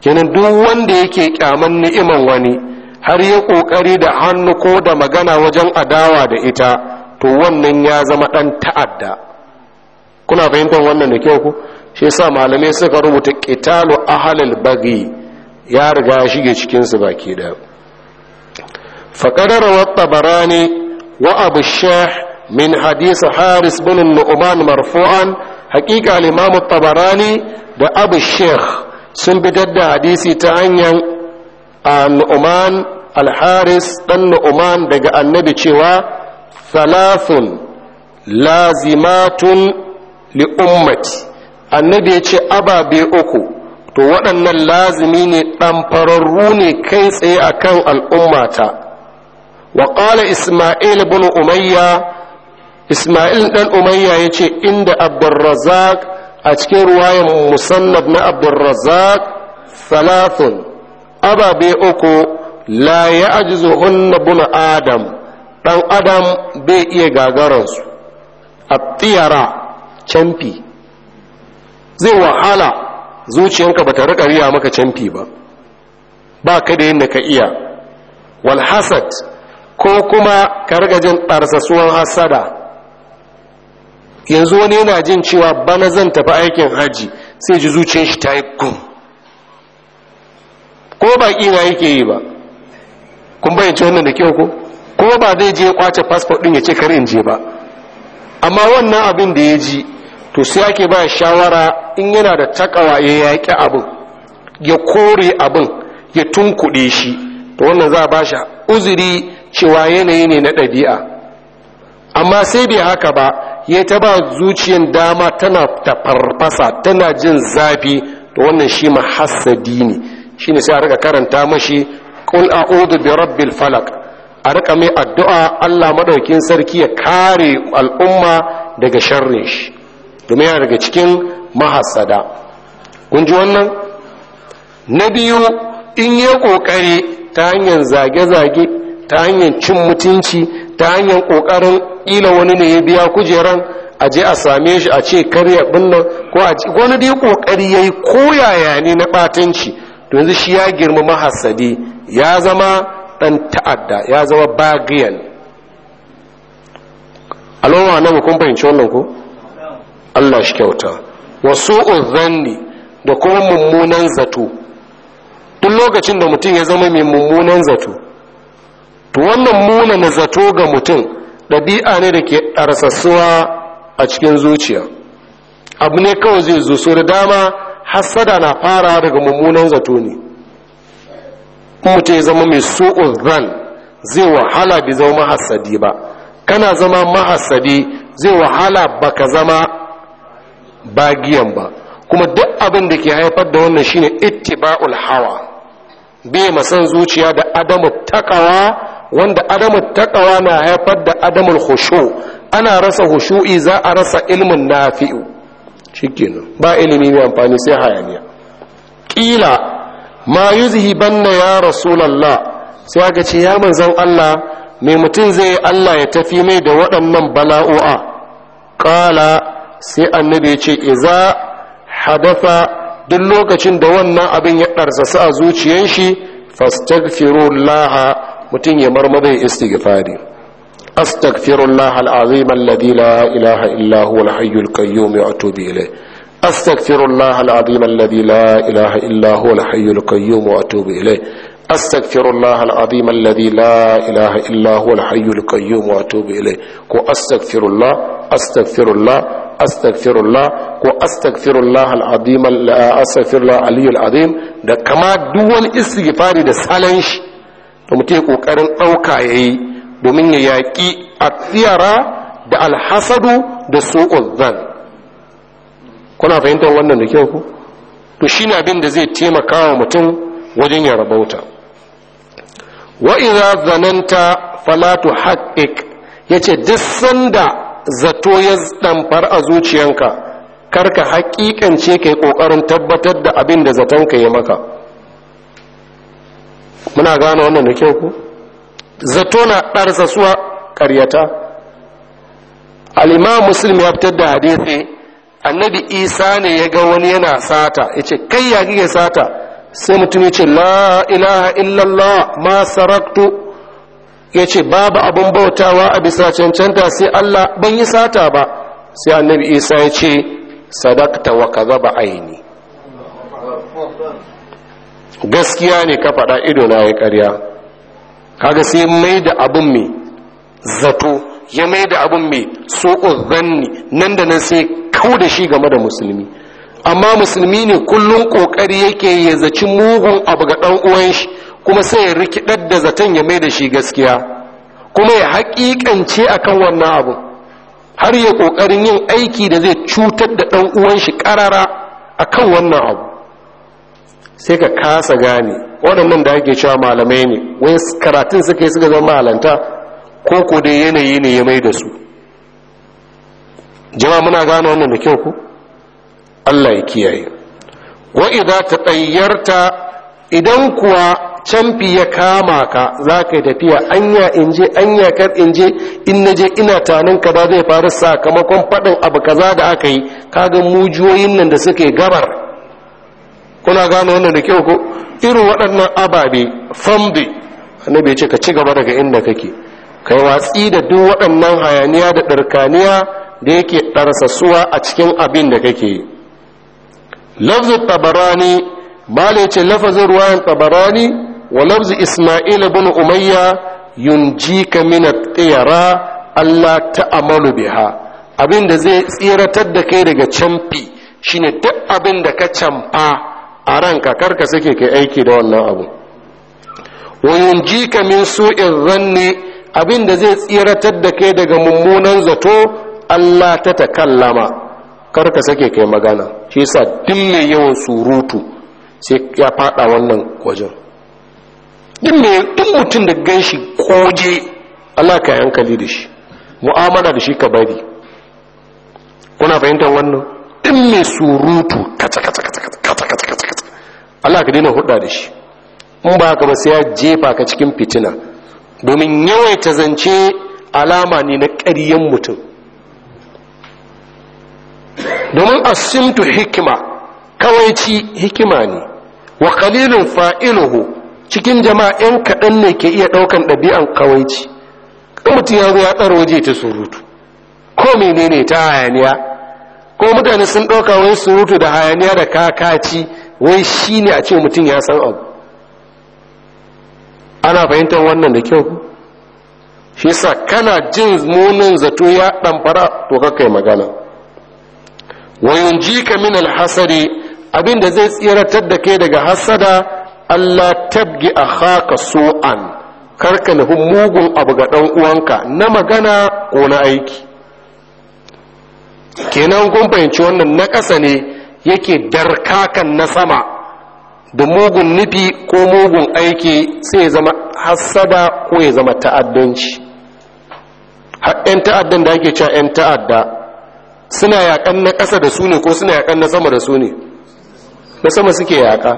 kenan duk wanda yake kyaman ni'iman wani har ya kokari da hannu ko da magana wajen adawa da ita to wannan ya zama ɗan ta'adda kuna fahimtar wannan da kyau ku shi sa malamai suka rubuta a halal bagi. ya riga shige cikinsu su baki da faqadara wa tabarani wa abu shek min hadisa haris bin nu'man marfu'an haƙiƙa limamu tabarani da abu shek sun bidar da hadisi ta hanyar nu'man alharis ɗan dan nu'man daga annabi cewa thalathun lazimatun li annabi ya ce ababe uku to waɗannan lazimi ne fararru ne kai tsaye a kan al'ummata wa ƙala ismail bin umayya ismail ɗan umayya ya ce inda abdurrazak a cikin ruwayan musannab na abdurrazak salafin ababe uku la ya ajizu na buna adam ɗan adam bai iya gagaransu. a tiyara camfi zai wahala zuciyanka ba ta riƙa riya maka canfi ba ba ka da yadda ka iya Walhassad ko kuma ka rika jin ɗarsasuwan hassada yanzu wani yana jin cewa bana zan tafi aikin haji sai ji zuciyar shi ta yi kun ko ba ƙina yake yi ba kun bayyance wannan da kyau ko ko ba zai je kwace fasfot ɗin ya ce kar in je ba amma wannan abin da ya ji to sai ake ba shawara in yana da takawa ya yaƙi abin ya kore abin ya tunkuɗe shi to wannan za a ba shi uzuri cewa yanayi ne na ɗabi'a amma sai bai haka ba ya ta ba zuciyar dama tana tafarfasa tana jin zafi to wannan shi mahassadi ne shi ne sai a rika karanta mashi ƙul ƙudu bi rabbil falak a rika mai addu'a Allah maɗaukin sarki ya kare al'umma daga sharrin shi domin daga cikin mahassada kun ji wannan na biyu in yi ƙoƙari ta hanyar zage-zage ta hanyar cin mutunci ta hanyar ƙoƙarin ila wani ne ya biya kujeran a je a same shi a ce karya binnan ko a wani dai ƙoƙari ya yi koyaya ne na ɓatanci to yanzu shi ya girma mahasadi ya zama ɗan ta'adda ya zama bagiyan al'umma na kun fahimci wannan ko allah shi kyauta wasu uzanni da kuma mummunan zato duk lokacin da mutum ya zama mai mummunan zato to wannan muna zato ga mutum ɗabi'a ne da ke ɗarsassuwa a cikin zuciya abu ne kawai zai zo so da dama hassada na fara daga mummunan zato ne mutum ya zama mai su'un zan zai wahala bai zama mahasadi ba kana zama mahasadi zai wahala baka zama bagiyan ba kuma duk abin da ke haifar da wannan shine ittiba'ul hawa bai masan zuciya da adamu takawa wanda adamu takawa na haifar da adamul hushu ana rasa hushu'i za a rasa ilmin nafi'u shikenan ba ilimi mai amfani sai hayaniya kila ma banna ya rasulullah sai aka ce ya manzon Allah Me mutum zai Allah ya tafi mai da waɗannan bala'o'a qala sai annabi ya ce iza hadafa duk lokacin da wannan abin ya ɗarsasa a zuciyan shi mutum ya marmada istighfari astaghfirullah alazim alladhi la ilaha illa huwa qayyum wa atubu ilayh alazim alladhi la ilaha illa huwa qayyum wa atubu ilayh astaghfirullah ko astaghfirullah al-azim astaghfirullah aliyul da kama duwan wani istighfari da salon shi to mutum ya ɗauka ya yayi domin ya yaki athiyara da alhasadu da su'ul zan kuna fahimtar wannan da kyau ku to shine abin da zai taimaka wa mutum wajen ya rabauta zanen ta Falatu fala ya yace duk sanda zato ya ɗanfar a zuciyanka karka haƙiƙance ka yi ƙoƙarin tabbatar da abin da ka ya maka muna gane wannan da kyau ku zato na ɗarsa ɗarsasuwa ƙaryata al'imam muslim ya fitar da hadithi annabi isa ne ya ga wani yana sata ya ce kai ya kike sata sai mutum ya ce la ilaha illallah ma saraktu ya ce babu abin bautawa a bisa cancanta sai Allah ban yi sata ba sai annabi isa ya ce sadakta wa kaza ba aini gaskiya ne ka faɗa ido na ya ƙarya kaga sai mai da abin mai zato ya mai da abin mai soƙon zanni nan da nan sai kau da shi game da musulmi amma musulmi ne kullum ƙoƙari yake ya zaci mugun abu ga ɗan uwan shi kuma sai ya rikidar da zaton ya mai da shi gaskiya kuma ya haƙiƙance akan wannan abu har ya ƙoƙarin yin aiki da zai cutar da ɗan uwan shi ƙarara akan wannan abu sai ka kasa gane waɗannan da ake cewa malamai ne wani karatun suka yi suka zama malanta ko ko dai yanayi ne ya mai da su jama muna gano wannan da kyau ku Allah ya kiyaye wa idza tatayyarta idan kuwa camfi ya kama ka za ka yi tafiya anya in je anya kar in je in na je ina tanin ka zai faru sakamakon faɗin abu kaza da aka yi kaga mujiyoyin nan da suke gabar kuna gano wannan da kyau ko irin waɗannan ababe fambe annabi bai ce ka ci gaba daga inda kake kai watsi da duk waɗannan hayaniya da ɗarkaniya da yake ɗarsasuwa a cikin abin da kake yi lafzul tabarani mala ya ce lafazin ruwayan tabarani wa lafzi ismail bin umayya ka min at-tiyara Allah ta'amalu biha abinda zai tsiratar da kai daga camfi shine duk abin da ka camfa a ranka karka sake kai aiki da wannan abu wa ka min su'in zanni abinda zai tsiratar da kai daga mummunan zato Allah ta takallama karka sake kai magana shi yasa duk mai yawan surutu sai ya fada wannan wajen din ne duk mutum da gan shi koje Allah ka hankali da shi mu'amala da shi ka bari kuna fahimtar wannan din mai surutu kata-kata-kata, kata kata kata Allah ka dina hudda da shi in ba ka ba sai ya jefa ka cikin fitina domin yawaita zance alama ne na ƙaryen mutum domin asintu hikima kawai ci hikima ne wa qalilun fa'iluhu cikin jama'a yan kaɗan ne ke iya ɗaukan ɗabi'an kawaici mutum ya zo ya tsaro waje ta surutu ko menene ta hayaniya ko mutane sun ɗauka wai surutu da hayaniya da kakaci wai shi ne a ce mutum ya san abu ana fahimtar wannan da kyau shi sa kana jin munin zato ya fara to kakai magana wayun ji ka min alhasari abin da zai tsiratar da kai daga hasada Allah tabgi a haka so'an karka nufi mugun abu ga ɗan uwanka na magana ko na aiki kenan kun fahimci wannan na ƙasa ne yake darkakan na sama da mugun nufi ko mugun aiki sai ya zama hasada ko ya zama ta'addanci ‘yan ta'addan da ake cewa ‘yan ta'adda suna yaƙan na ƙasa da su ne ko suna yaƙan na sama da su ne’ na sama suke yaƙa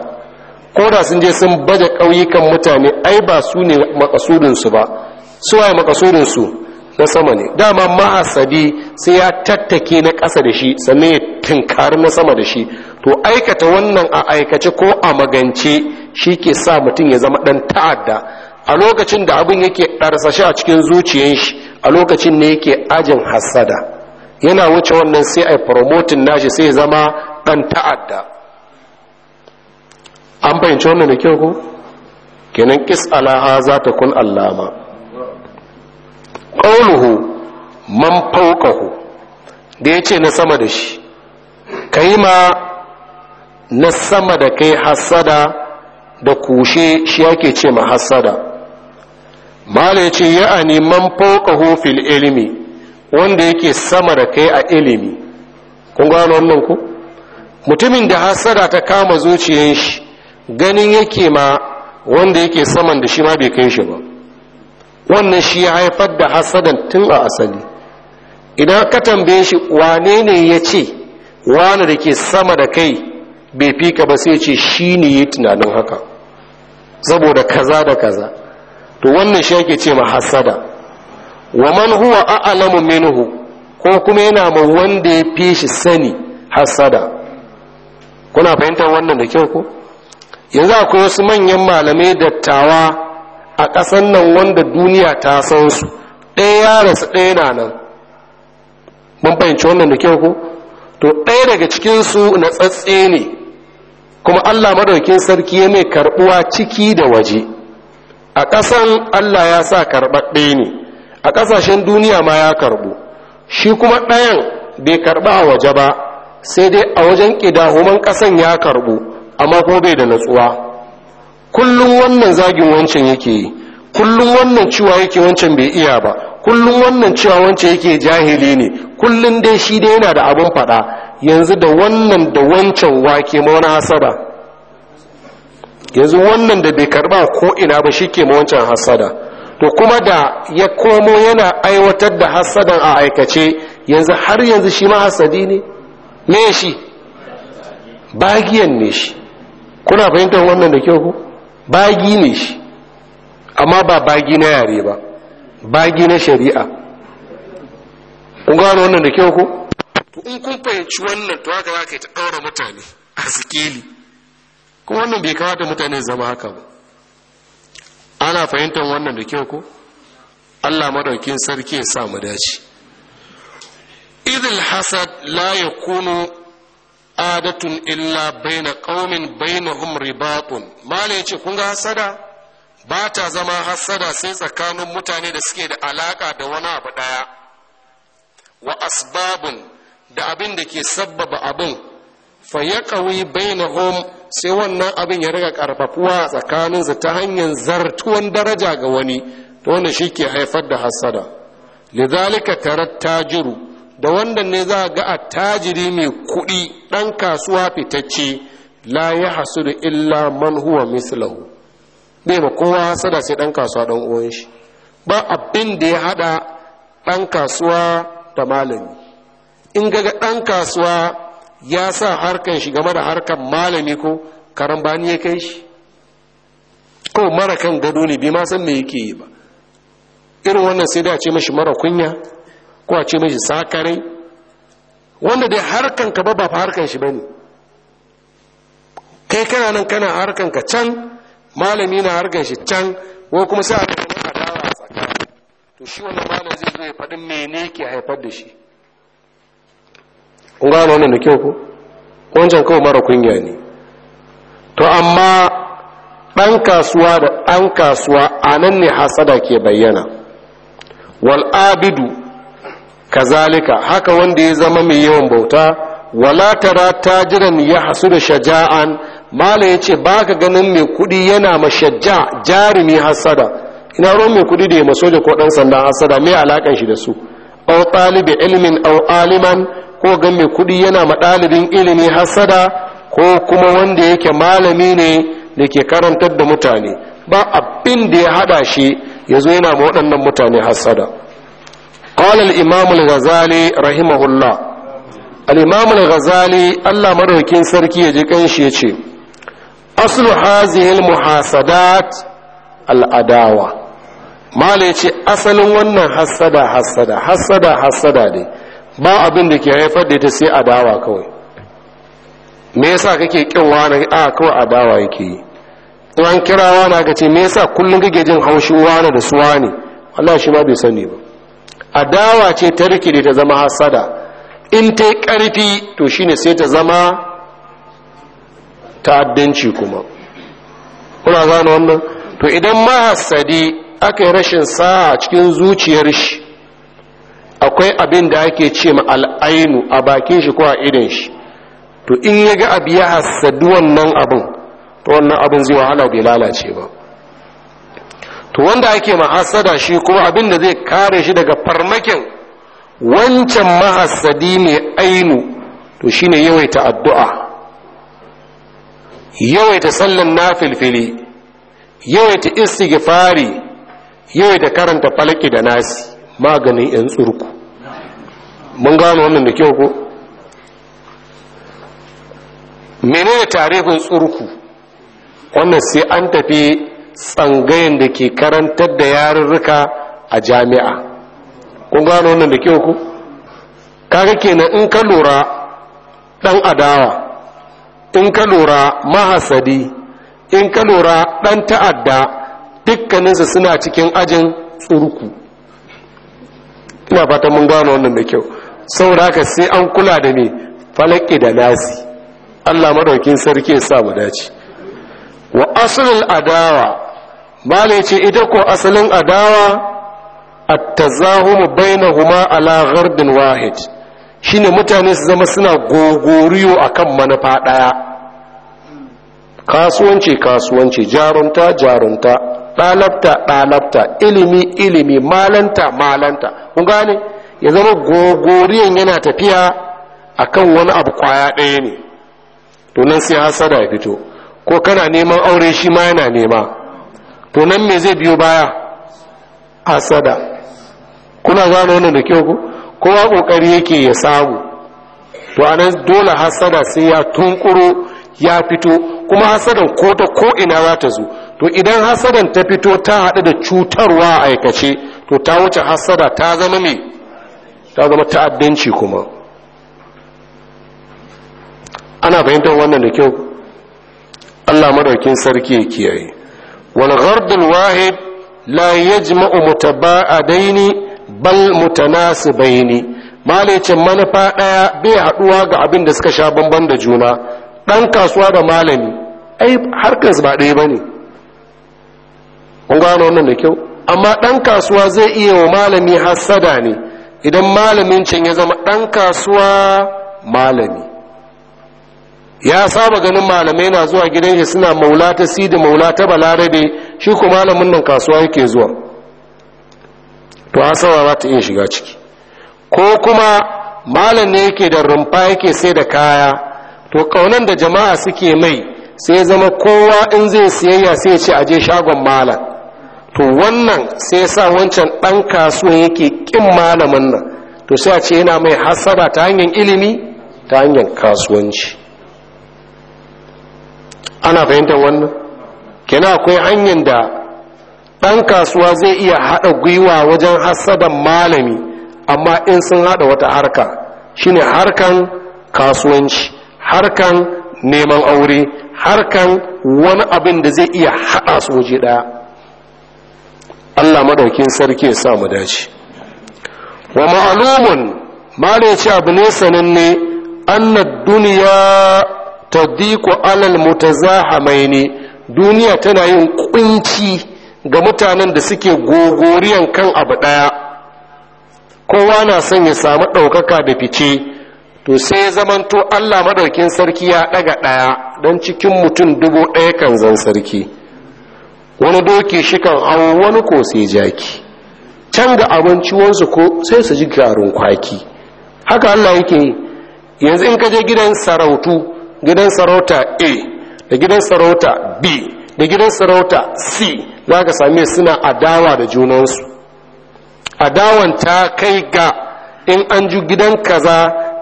ko da sun je sun baje ƙauyukan mutane ai ba su ne makasudinsu ba su waye makasudinsu na sama ne dama ma'asadi sai ya tattake na ƙasa da shi sannan ya tunkari na sama da shi to aikata wannan a aikace ko a magance shi ke sa mutum ya zama ɗan ta'adda a lokacin da abin yake ɗarsashe a cikin zuciyar shi a lokacin ne yake ajin hassada yana wuce wannan sai a promotin nashi sai zama ɗan ta'adda an fahimci wannan da kyau ko kenan kis alaha za ta kun allama ƙauluhu man faukahu. da ya ce na sama da shi kai ma na sama da kai hassada da kushe shi yake ce ma hassada mala ya ce ya'ani man faukahu fil ilimi wanda yake sama da kai a ilimi kun gano wannan ku mutumin da hassada ta kama zuciyar shi ganin yake ma wanda yake saman da shi ma bai kai shi ba wannan shi ya haifar da hasadan tun a asali idan ka tambaye shi wane ne ya ce wane da ke sama da kai bai fi ka ba sai ce shi ne ya tunanin haka saboda kaza da kaza to wannan shi yake ce ma hasada wa man huwa a'lamu minhu ko kuma yana ma wanda ya fi shi sani hasada kuna fahimtar wannan da kyau ko yanzu akwai wasu manyan malamai dattawa a ƙasan nan wanda duniya ta san su ɗaya ya rasu ɗaya na nan mun fahimci wannan da kyau ko to ɗaya daga cikinsu na tsatse ne kuma allah madaukin sarki ya mai karɓuwa ciki da waje a ƙasan allah ya sa ɗaya ne a ƙasashen duniya ma ya karɓu shi kuma ɗayan bai karɓa a waje ba sai dai a wajen ƙidahuman ƙasan ya karɓu amma kuma bai da natsuwa kullum wannan zagin wancan yake yi kullum wannan cewa yake wancan bai iya ba kullum wannan cewa wancan yake jahili ne kullum dai shi dai yana da abin faɗa yanzu da wannan da wancan wake ma wani hasada yanzu wannan da bai karba ko ina ba shi ke ma wancan hasada to kuma da ya komo yana aiwatar da hasadan a aikace yanzu har yanzu shi ma hasadi ne me shi bagiyan ne shi kuna fahimtar wannan da kyau ku bagi ne shi amma ba bagi na yare ba bagi na shari'a kun gano wannan da kyau ku in kun fahimci wannan to haka zaka yi ta ɗaura mutane a sikeli kuma wannan bai kawata mutane zama haka ba ana fahimtar wannan da kyau ku? Allah madaukin sarki ya sa dace idil hasad la ya kuno adatun illa baina qaumin bainahum ribatun mala yace kun ga hasada ba ta zama hasada sai tsakanin mutane da suke da alaka da wani abu daya wa asbabun da abin da ke sabbaba abin fa ya yaqawi bainahum sai wannan abin ya riga karfafuwa a tsakaninsu ta hanyar zartuwan daraja ga wani to wannan shi ke haifar da hasada lidhalika tarat tajiru da wannan ne za ga a tajiri mai kuɗi ɗan kasuwa fitacce la ya da illa man huwa mislahu bai ma kowa hasada sai ɗan kasuwa ɗan uwan shi ba abin da ya haɗa ɗan kasuwa da malami in gaga ɗan kasuwa ya sa harkan shi game da harkan malami ko ni ya kai shi ko mara kan gado ne bi ma san me yake yi ba irin wannan sai da ce mashi mara kunya ko a ce mashi sakarai wanda dai harkan ka ba fa harkan shi bane kai kana nan kana harkan ka can malami na harkan shi can ko kuma sai a ka dawo a sakarai to shi wannan malami zai zo ya faɗi mene ke haifar da shi kun gano wannan da kyau ko wancan kawai mara kunya ne to amma ɗan kasuwa da ɗan kasuwa a nan ne hasada ke bayyana wal'abidu kazalika haka wanda ya zama mai yawan bauta wala tara tajiran ya hasu da shaja'an mala ya ce ba ka ganin mai kudi yana mashajja jarumi hasada ina ruwan mai kudi da ya maso da ko sandan hasada mai alakan shi da su au talibi ilimin au aliman ko ga mai kudi yana ma ɗalibin ilimi hasada ko kuma wanda yake malami ne da ke karantar da mutane ba abin da ya haɗa shi ya zo yana ma waɗannan mutane hasada قال الإمام الغزالي رحمه الله الإمام الغزالي الله مروكين سركي يجيكين شيئا أصل هذه المحاسدات الأداوة ما ليش أصل ون حسدا حسدا حسدا حسدا دي ba abin da ke haifar da ita sai adawa kawai me yasa kake kin wani a kawai adawa yake yi in an kira wani aka ce me yasa kullum kake jin haushin wani da suwa ne Allah shi ma bai sani ba adawa ce ta rikide ta zama hasada in ta yi ƙarfi to shine sai ta zama ta'addanci kuma kuna gano wannan to idan mahasadi aka yi rashin sa a cikin zuciyar shi akwai abin da ake ce ma al'ainu a bakin shi ko a idan shi to in ya ga abu ya hasadu wannan abin to wannan abin zai wahala bai lalace ba to wanda ake mahasada shi kuma abin da zai kare shi daga farmakin wancan mahasadi ne ainu to shine yawaita addu'a yawaita sallan nafilfili yawaita istighfari yawaita karanta falaki da nasi maganin yan tsurku mun gano wannan da kyau ko menene tarihin tsurku wannan sai an tafi tsangayen da ke karantar da yarurruka a jami'a kun gano wannan da kyau ku kaga kenan in ka lura dan adawa in ka lura mahasadi in ka lura dan ta'adda dukkaninsu suna cikin ajin tsurku ina fatan mun gano wannan da kyau saboda haka sai an kula da ne falaki da nasi allah madaukin sarki ya sa mu dace wa asalin adawa ba ce ita ko asalin adawa at-tazahumu huma ala ghardin wahid shine mutane su zama suna gogoriyo akan manufa ɗaya. kasuwanci kasuwanci jarunta jarunta ɗalabta ɗalabta ilimi ilimi malanta malanta kun gane ya zama gogoriyan yana tafiya akan wani abu kwaya ɗaya ne to nan sai hasada ya fito ko kana neman aure shi ma yana nema to nan me zai biyo baya hasada kuna gano wannan da kyau ko kowa kokari yake ya samu to anan dole hasada sai ya tunkuro ya fito kuma hasadan ko ta ko ina za ta zo to idan hasadan ta fito ta haɗu da cutarwa a aikace to ta wuce hasada ta zama mai ta zama ta'addanci kuma ana fahimtar wannan da kyau allah madaukin sarki ya kiyaye wal ghardul wahid la yajma'u mutaba'adaini bal mutanasibaini malaice manufa daya bai haduwa ga abin da suka sha bamban da juna dan kasuwa da malami ai harkar ba ɗaya bane kun gano wannan da kyau amma dan kasuwa zai iya wa malami hassada ne idan malamin can ya zama dan kasuwa malami ya saba ganin malamai na zuwa gidan shi suna maula ta sidi maula ta balarabe shi ko malamin nan kasuwa yake zuwa to a sawa za ta iya shiga ciki ko kuma malam ne yake da rumfa yake sai da kaya to kaunan da jama'a suke mai sai zama kowa in zai siyayya sai ce a je shagon malam to wannan sai sa wancan ɗan kasuwa yake ƙin malamin nan to sai a ce yana mai hasara ta hanyar ilimi ta hanyar kasuwanci ana fahimtar wannan kenan akwai hanyar da ɗan kasuwa zai iya haɗa gwiwa wajen hasaban malami amma in sun haɗa wata harka shine harkan kasuwanci harkan neman aure harkan wani abin da zai iya haɗa su waje ɗaya allah maɗaukin sarki ya sa mu dace wa ma'alumun ma da ce abu ne sananne annad duniya tadiku alal mutazahamaini duniya tana yin kunci ga mutanen da suke gogoriyan kan abu daya kowa na son ya samu ɗaukaka da fice to sai ya zamanto allah madaukin sarki ya ɗaga ɗaya don cikin mutum dubu ɗaya kan zan sarki wani doki shi kan hau wani ko sai jaki can ga abinciwansu ko sai su ji garin kwaki haka allah yake yi yanzu in ka je gidan sarautu gidan sarauta a da gidan sarauta b da gidan sarauta c za ka same suna adawa da junansu adawan ta kai ga in an ju gidan kaza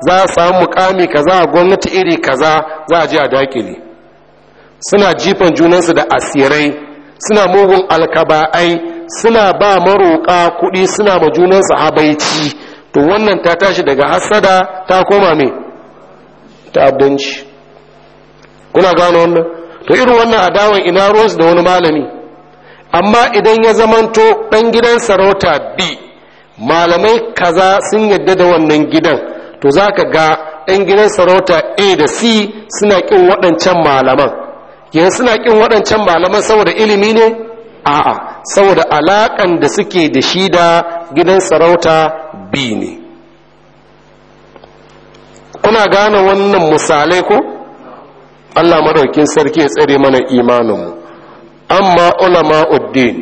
za a samu mukami kaza a gwamnati iri kaza za a ji a dakile suna jifan junansu da asirai suna mugun alkaba'ai suna ba maroƙa kuɗi suna ma junansu habaici to wannan ta tashi daga hasada ta koma mai ta abdanci kuna gano wannan to irin wannan adawan ina ruwan da wani malami amma idan ya zamanto ɗan gidan sarauta b malamai kaza sun yadda da wannan gidan to za ka ga ɗan gidan sarauta a da c suna ƙin waɗancan malaman yanzu suna ƙin waɗancan malaman saboda ilimi ne a'a saboda alaƙan da suke da shi da gidan sarauta b ne kuna gane wannan misalai ko Allah madaukin sarki ya tsare mana imaninmu amma ulama uddin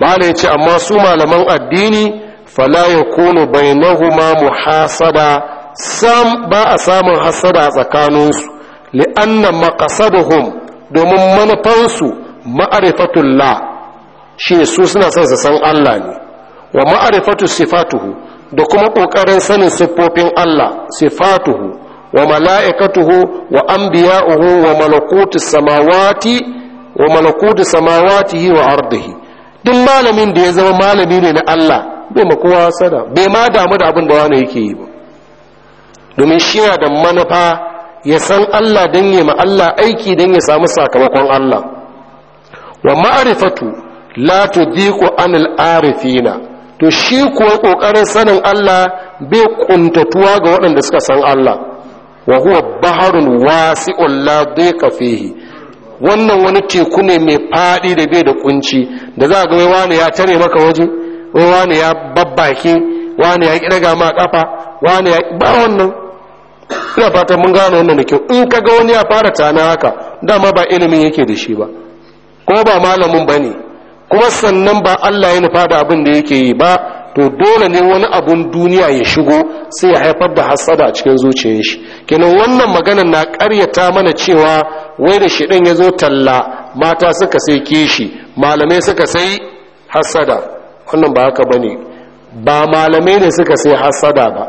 ba ya ce amma su malaman addini fala ya bainahuma muhasada sam ba a samun hasada tsakaninsu li'anna maqasaduhum domin manufansu ma'arifatullah ne su suna son san Allah ne wa ma'arifatu sifatuhu da kuma ƙoƙarin sanin siffofin Allah sifatuhu wa mala'ikatuhu wa anbiya'uhu wa malakutu samawati wa malakutu samawatihi wa ardihi duk malamin da ya zama malami ne na Allah bai ma kowa sada bai ma damu da abin da wani yake yi ba domin shi ya da manufa ya san Allah don ya ma Allah aiki don ya samu sakamakon Allah wa ma'arifatu la tudhiqu anil arifina to shi kuwa kokarin sanin Allah bai ƙuntatuwa ga waɗanda suka san Allah wa huwa baharun wasi'un la dhayqa wannan wani teku ne mai faɗi da bai da kunci da za ga wani ya tare maka waje wani ya babbaki wani ya kirga ma kafa wani ya ba wannan ina fata mun gano wannan da kyau in ka ga wani ya fara tana haka dama ba ilimin yake da shi ba ko ba malamin bane kuma sannan ba Allah ya nufa da abin da yake yi ba to dole ne wani abun duniya ya shigo sai ya haifar da hasada a cikin zuciyar shi kenan wannan magana na karyata mana cewa wai da shidan ya zo talla mata suka sai kishi malamai suka sai hasada wannan ba haka bane ba malamai ne suka sai hasada ba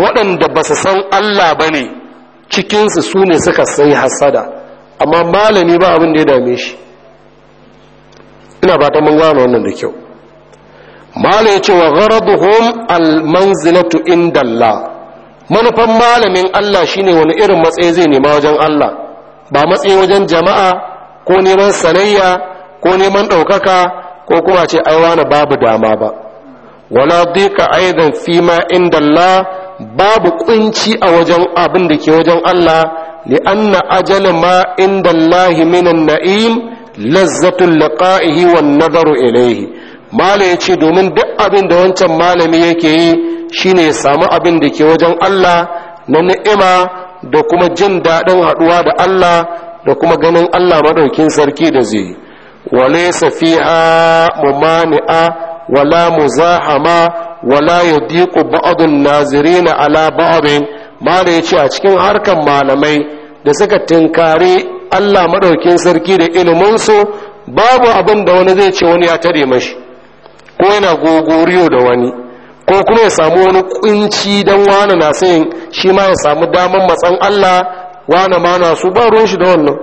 waɗanda ba su san Allah ba ne cikinsu su ne suka sai hasada amma malami ba abin da ya dame shi ina ba ta mun gano wannan da kyau malam ya ce wa gharaduhum almanzilatu inda manufan malamin Allah shine wani irin matsayi zai nema wajen Allah ba matsayi wajen jama'a ko neman sanayya ko neman ɗaukaka ko kuma ce aiwana babu dama ba wala dika aidan fi inda Allah babu kunci a wajen abin da ke wajen Allah li'anna ajala ma inda Allah minan na'im lazzatul liqa'ihi wan nadaru ilayhi mala ya ce domin duk abin da wancan malami yake yi shine ya samu abin da ke wajen allah na ni'ima da kuma jin daɗin haɗuwa da allah da kuma ganin allah maɗaukin sarki da zai wale safiha mumani'a wala muzahama wala yadiqu ba'dun na ala ba'din mala ya ce a cikin harkar malamai da suka tinkari allah maɗaukin sarki da iliminsu babu abin da wani zai ce wani ya tare mashi ko yana gogoriyo da wani ko kuma ya samu wani kunci don wani na sayin shi ma ya samu damar matsan Allah wani ma na su ba shi da wannan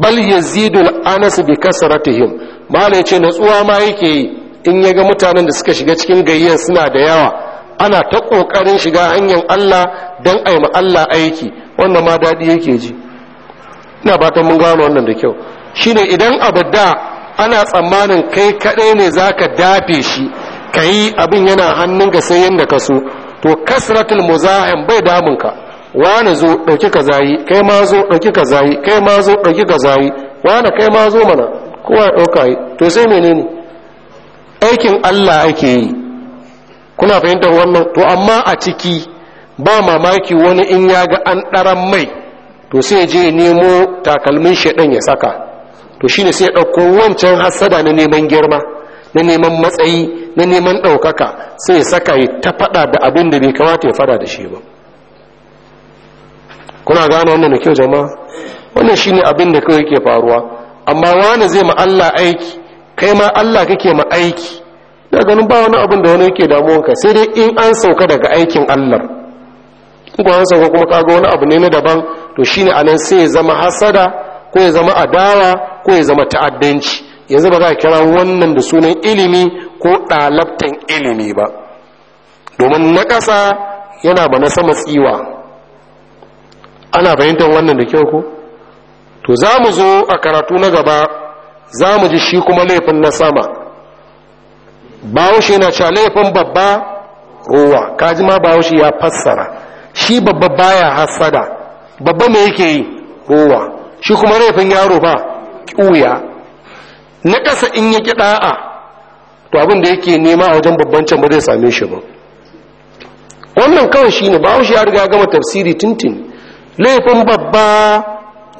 bal yazidul anas bi kasratihim mala yace natsuwa ma yake yi in ya ga mutanen da suka shiga cikin gayyan suna da yawa ana ta kokarin shiga hanyar Allah dan aima Allah aiki wannan ma daɗi yake ji ina batan mun gano wannan da kyau shine idan abu da ana tsammanin kai kaɗai ne za ka dafe shi ka yi abin yana hannun ka sai yadda ka so to kasratul muzahim bai damun ka wani zo ɗauki ka zayi kai ma zo ɗauki ka zayi kai ma zo ɗauki ka zayi wani kai ma zo mana kowa ɗauka yi to sai menene aikin allah ake yi kuna fahimtar wannan to amma a ciki ba mamaki wani in ya ga an ɗaran mai to sai je nemo takalmin shaɗan ya saka to shi ne sai ɗauko wancan hasada na neman girma na neman matsayi na neman ɗaukaka sai ya saka yi ta faɗa da abin da bai kamata ya faɗa da shi ba kuna gane wannan da kyau jama'a wannan ne abin da kawai ke faruwa amma wani zai ma Allah aiki kai ma Allah kake ma aiki da ganin ba wani abin da wani yake damuwanka sai dai in an sauka daga aikin Allah in an sauka kuma kaga wani abu ne na daban to shine anan sai ya zama hasada ko ya zama adawa ko ya zama ta'addanci yanzu ba za a kira wannan da sunan ilimi ko ɗalabtan ilimi ba domin na ƙasa yana ba na sama tsiwa ana fahimtar wannan da kyau ko to za mu zo a karatu na gaba za mu ji shi kuma laifin na sama bahaushe na cewa laifin babba ruwa kaji ma bahaushe ya fassara shi babba baya hasada. babba me yake yi ruwa shi kuma laifin yaro ba ƙuya na ƙasa in ya ƙi ɗa'a to abin da yake nema a wajen babban can ba zai same shi ba wannan kawai shi ne bawo shi ya riga gama tafsiri tintin laifin babba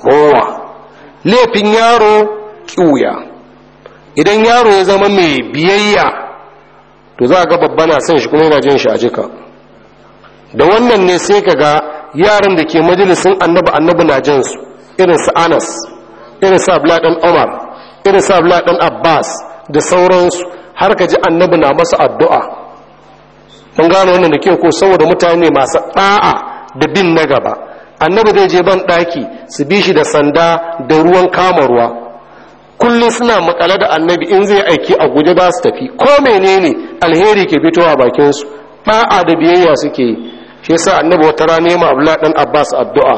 rowa laifin yaro ƙuya idan yaro ya zama mai biyayya to za a ga babba na son shi kuma yana jin shi a jika da wannan ne sai ka ga yaran da ke majalisin annabi annabi na jinsu irin su anas irin sa abladan umar irin sa abladan abbas da sauransu har ka ji annabi na masu addu'a mun gano wannan da ke ko saboda mutane masu ɗa'a da bin na gaba annabi zai je ban ɗaki su bi shi da sanda da ruwan kama ruwa kullum suna makale da annabi in zai aiki a guje ba su tafi ko menene alheri ke fito a bakinsu ɗa'a da biyayya suke yi shi yasa annabi wata rana ya ma abbas addu'a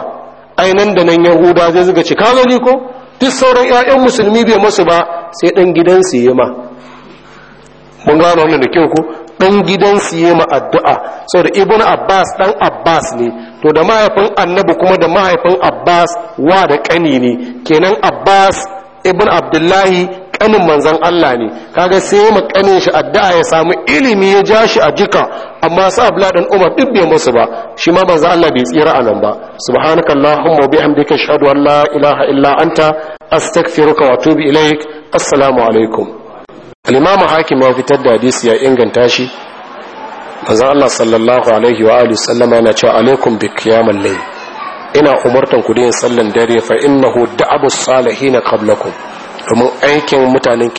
ainan da nan yahuda zai zuga cika gani ko duk sauran 'ya'yan musulmi bai masu ba sai ɗan su yi ma mun gano wannan da kyau ko ɗan su yi ma addu'a da ibn abbas ɗan abbas ne to da mahaifin annabi kuma da mahaifin abbas wa da ƙani ne kenan abbas ibn abdullahi kanin manzan Allah ne kaga sai ma kanin shi addu'a ya samu ilimi ya ja shi a jika amma sa abla dan umar duk bai musu ba shi ma manzan Allah bai tsira a nan ba subhanakallahumma wa bihamdika ashhadu an la ilaha illa anta astaghfiruka wa atubu ilaik assalamu alaikum al-imam hakim ya fitar da hadisi ya inganta shi manzan Allah sallallahu alaihi wa alihi sallama yana cewa alaikum bi qiyamil layl ina umurtan ku da yin sallan dare fa innahu da'abus salihin qablakum domin aikin mutanen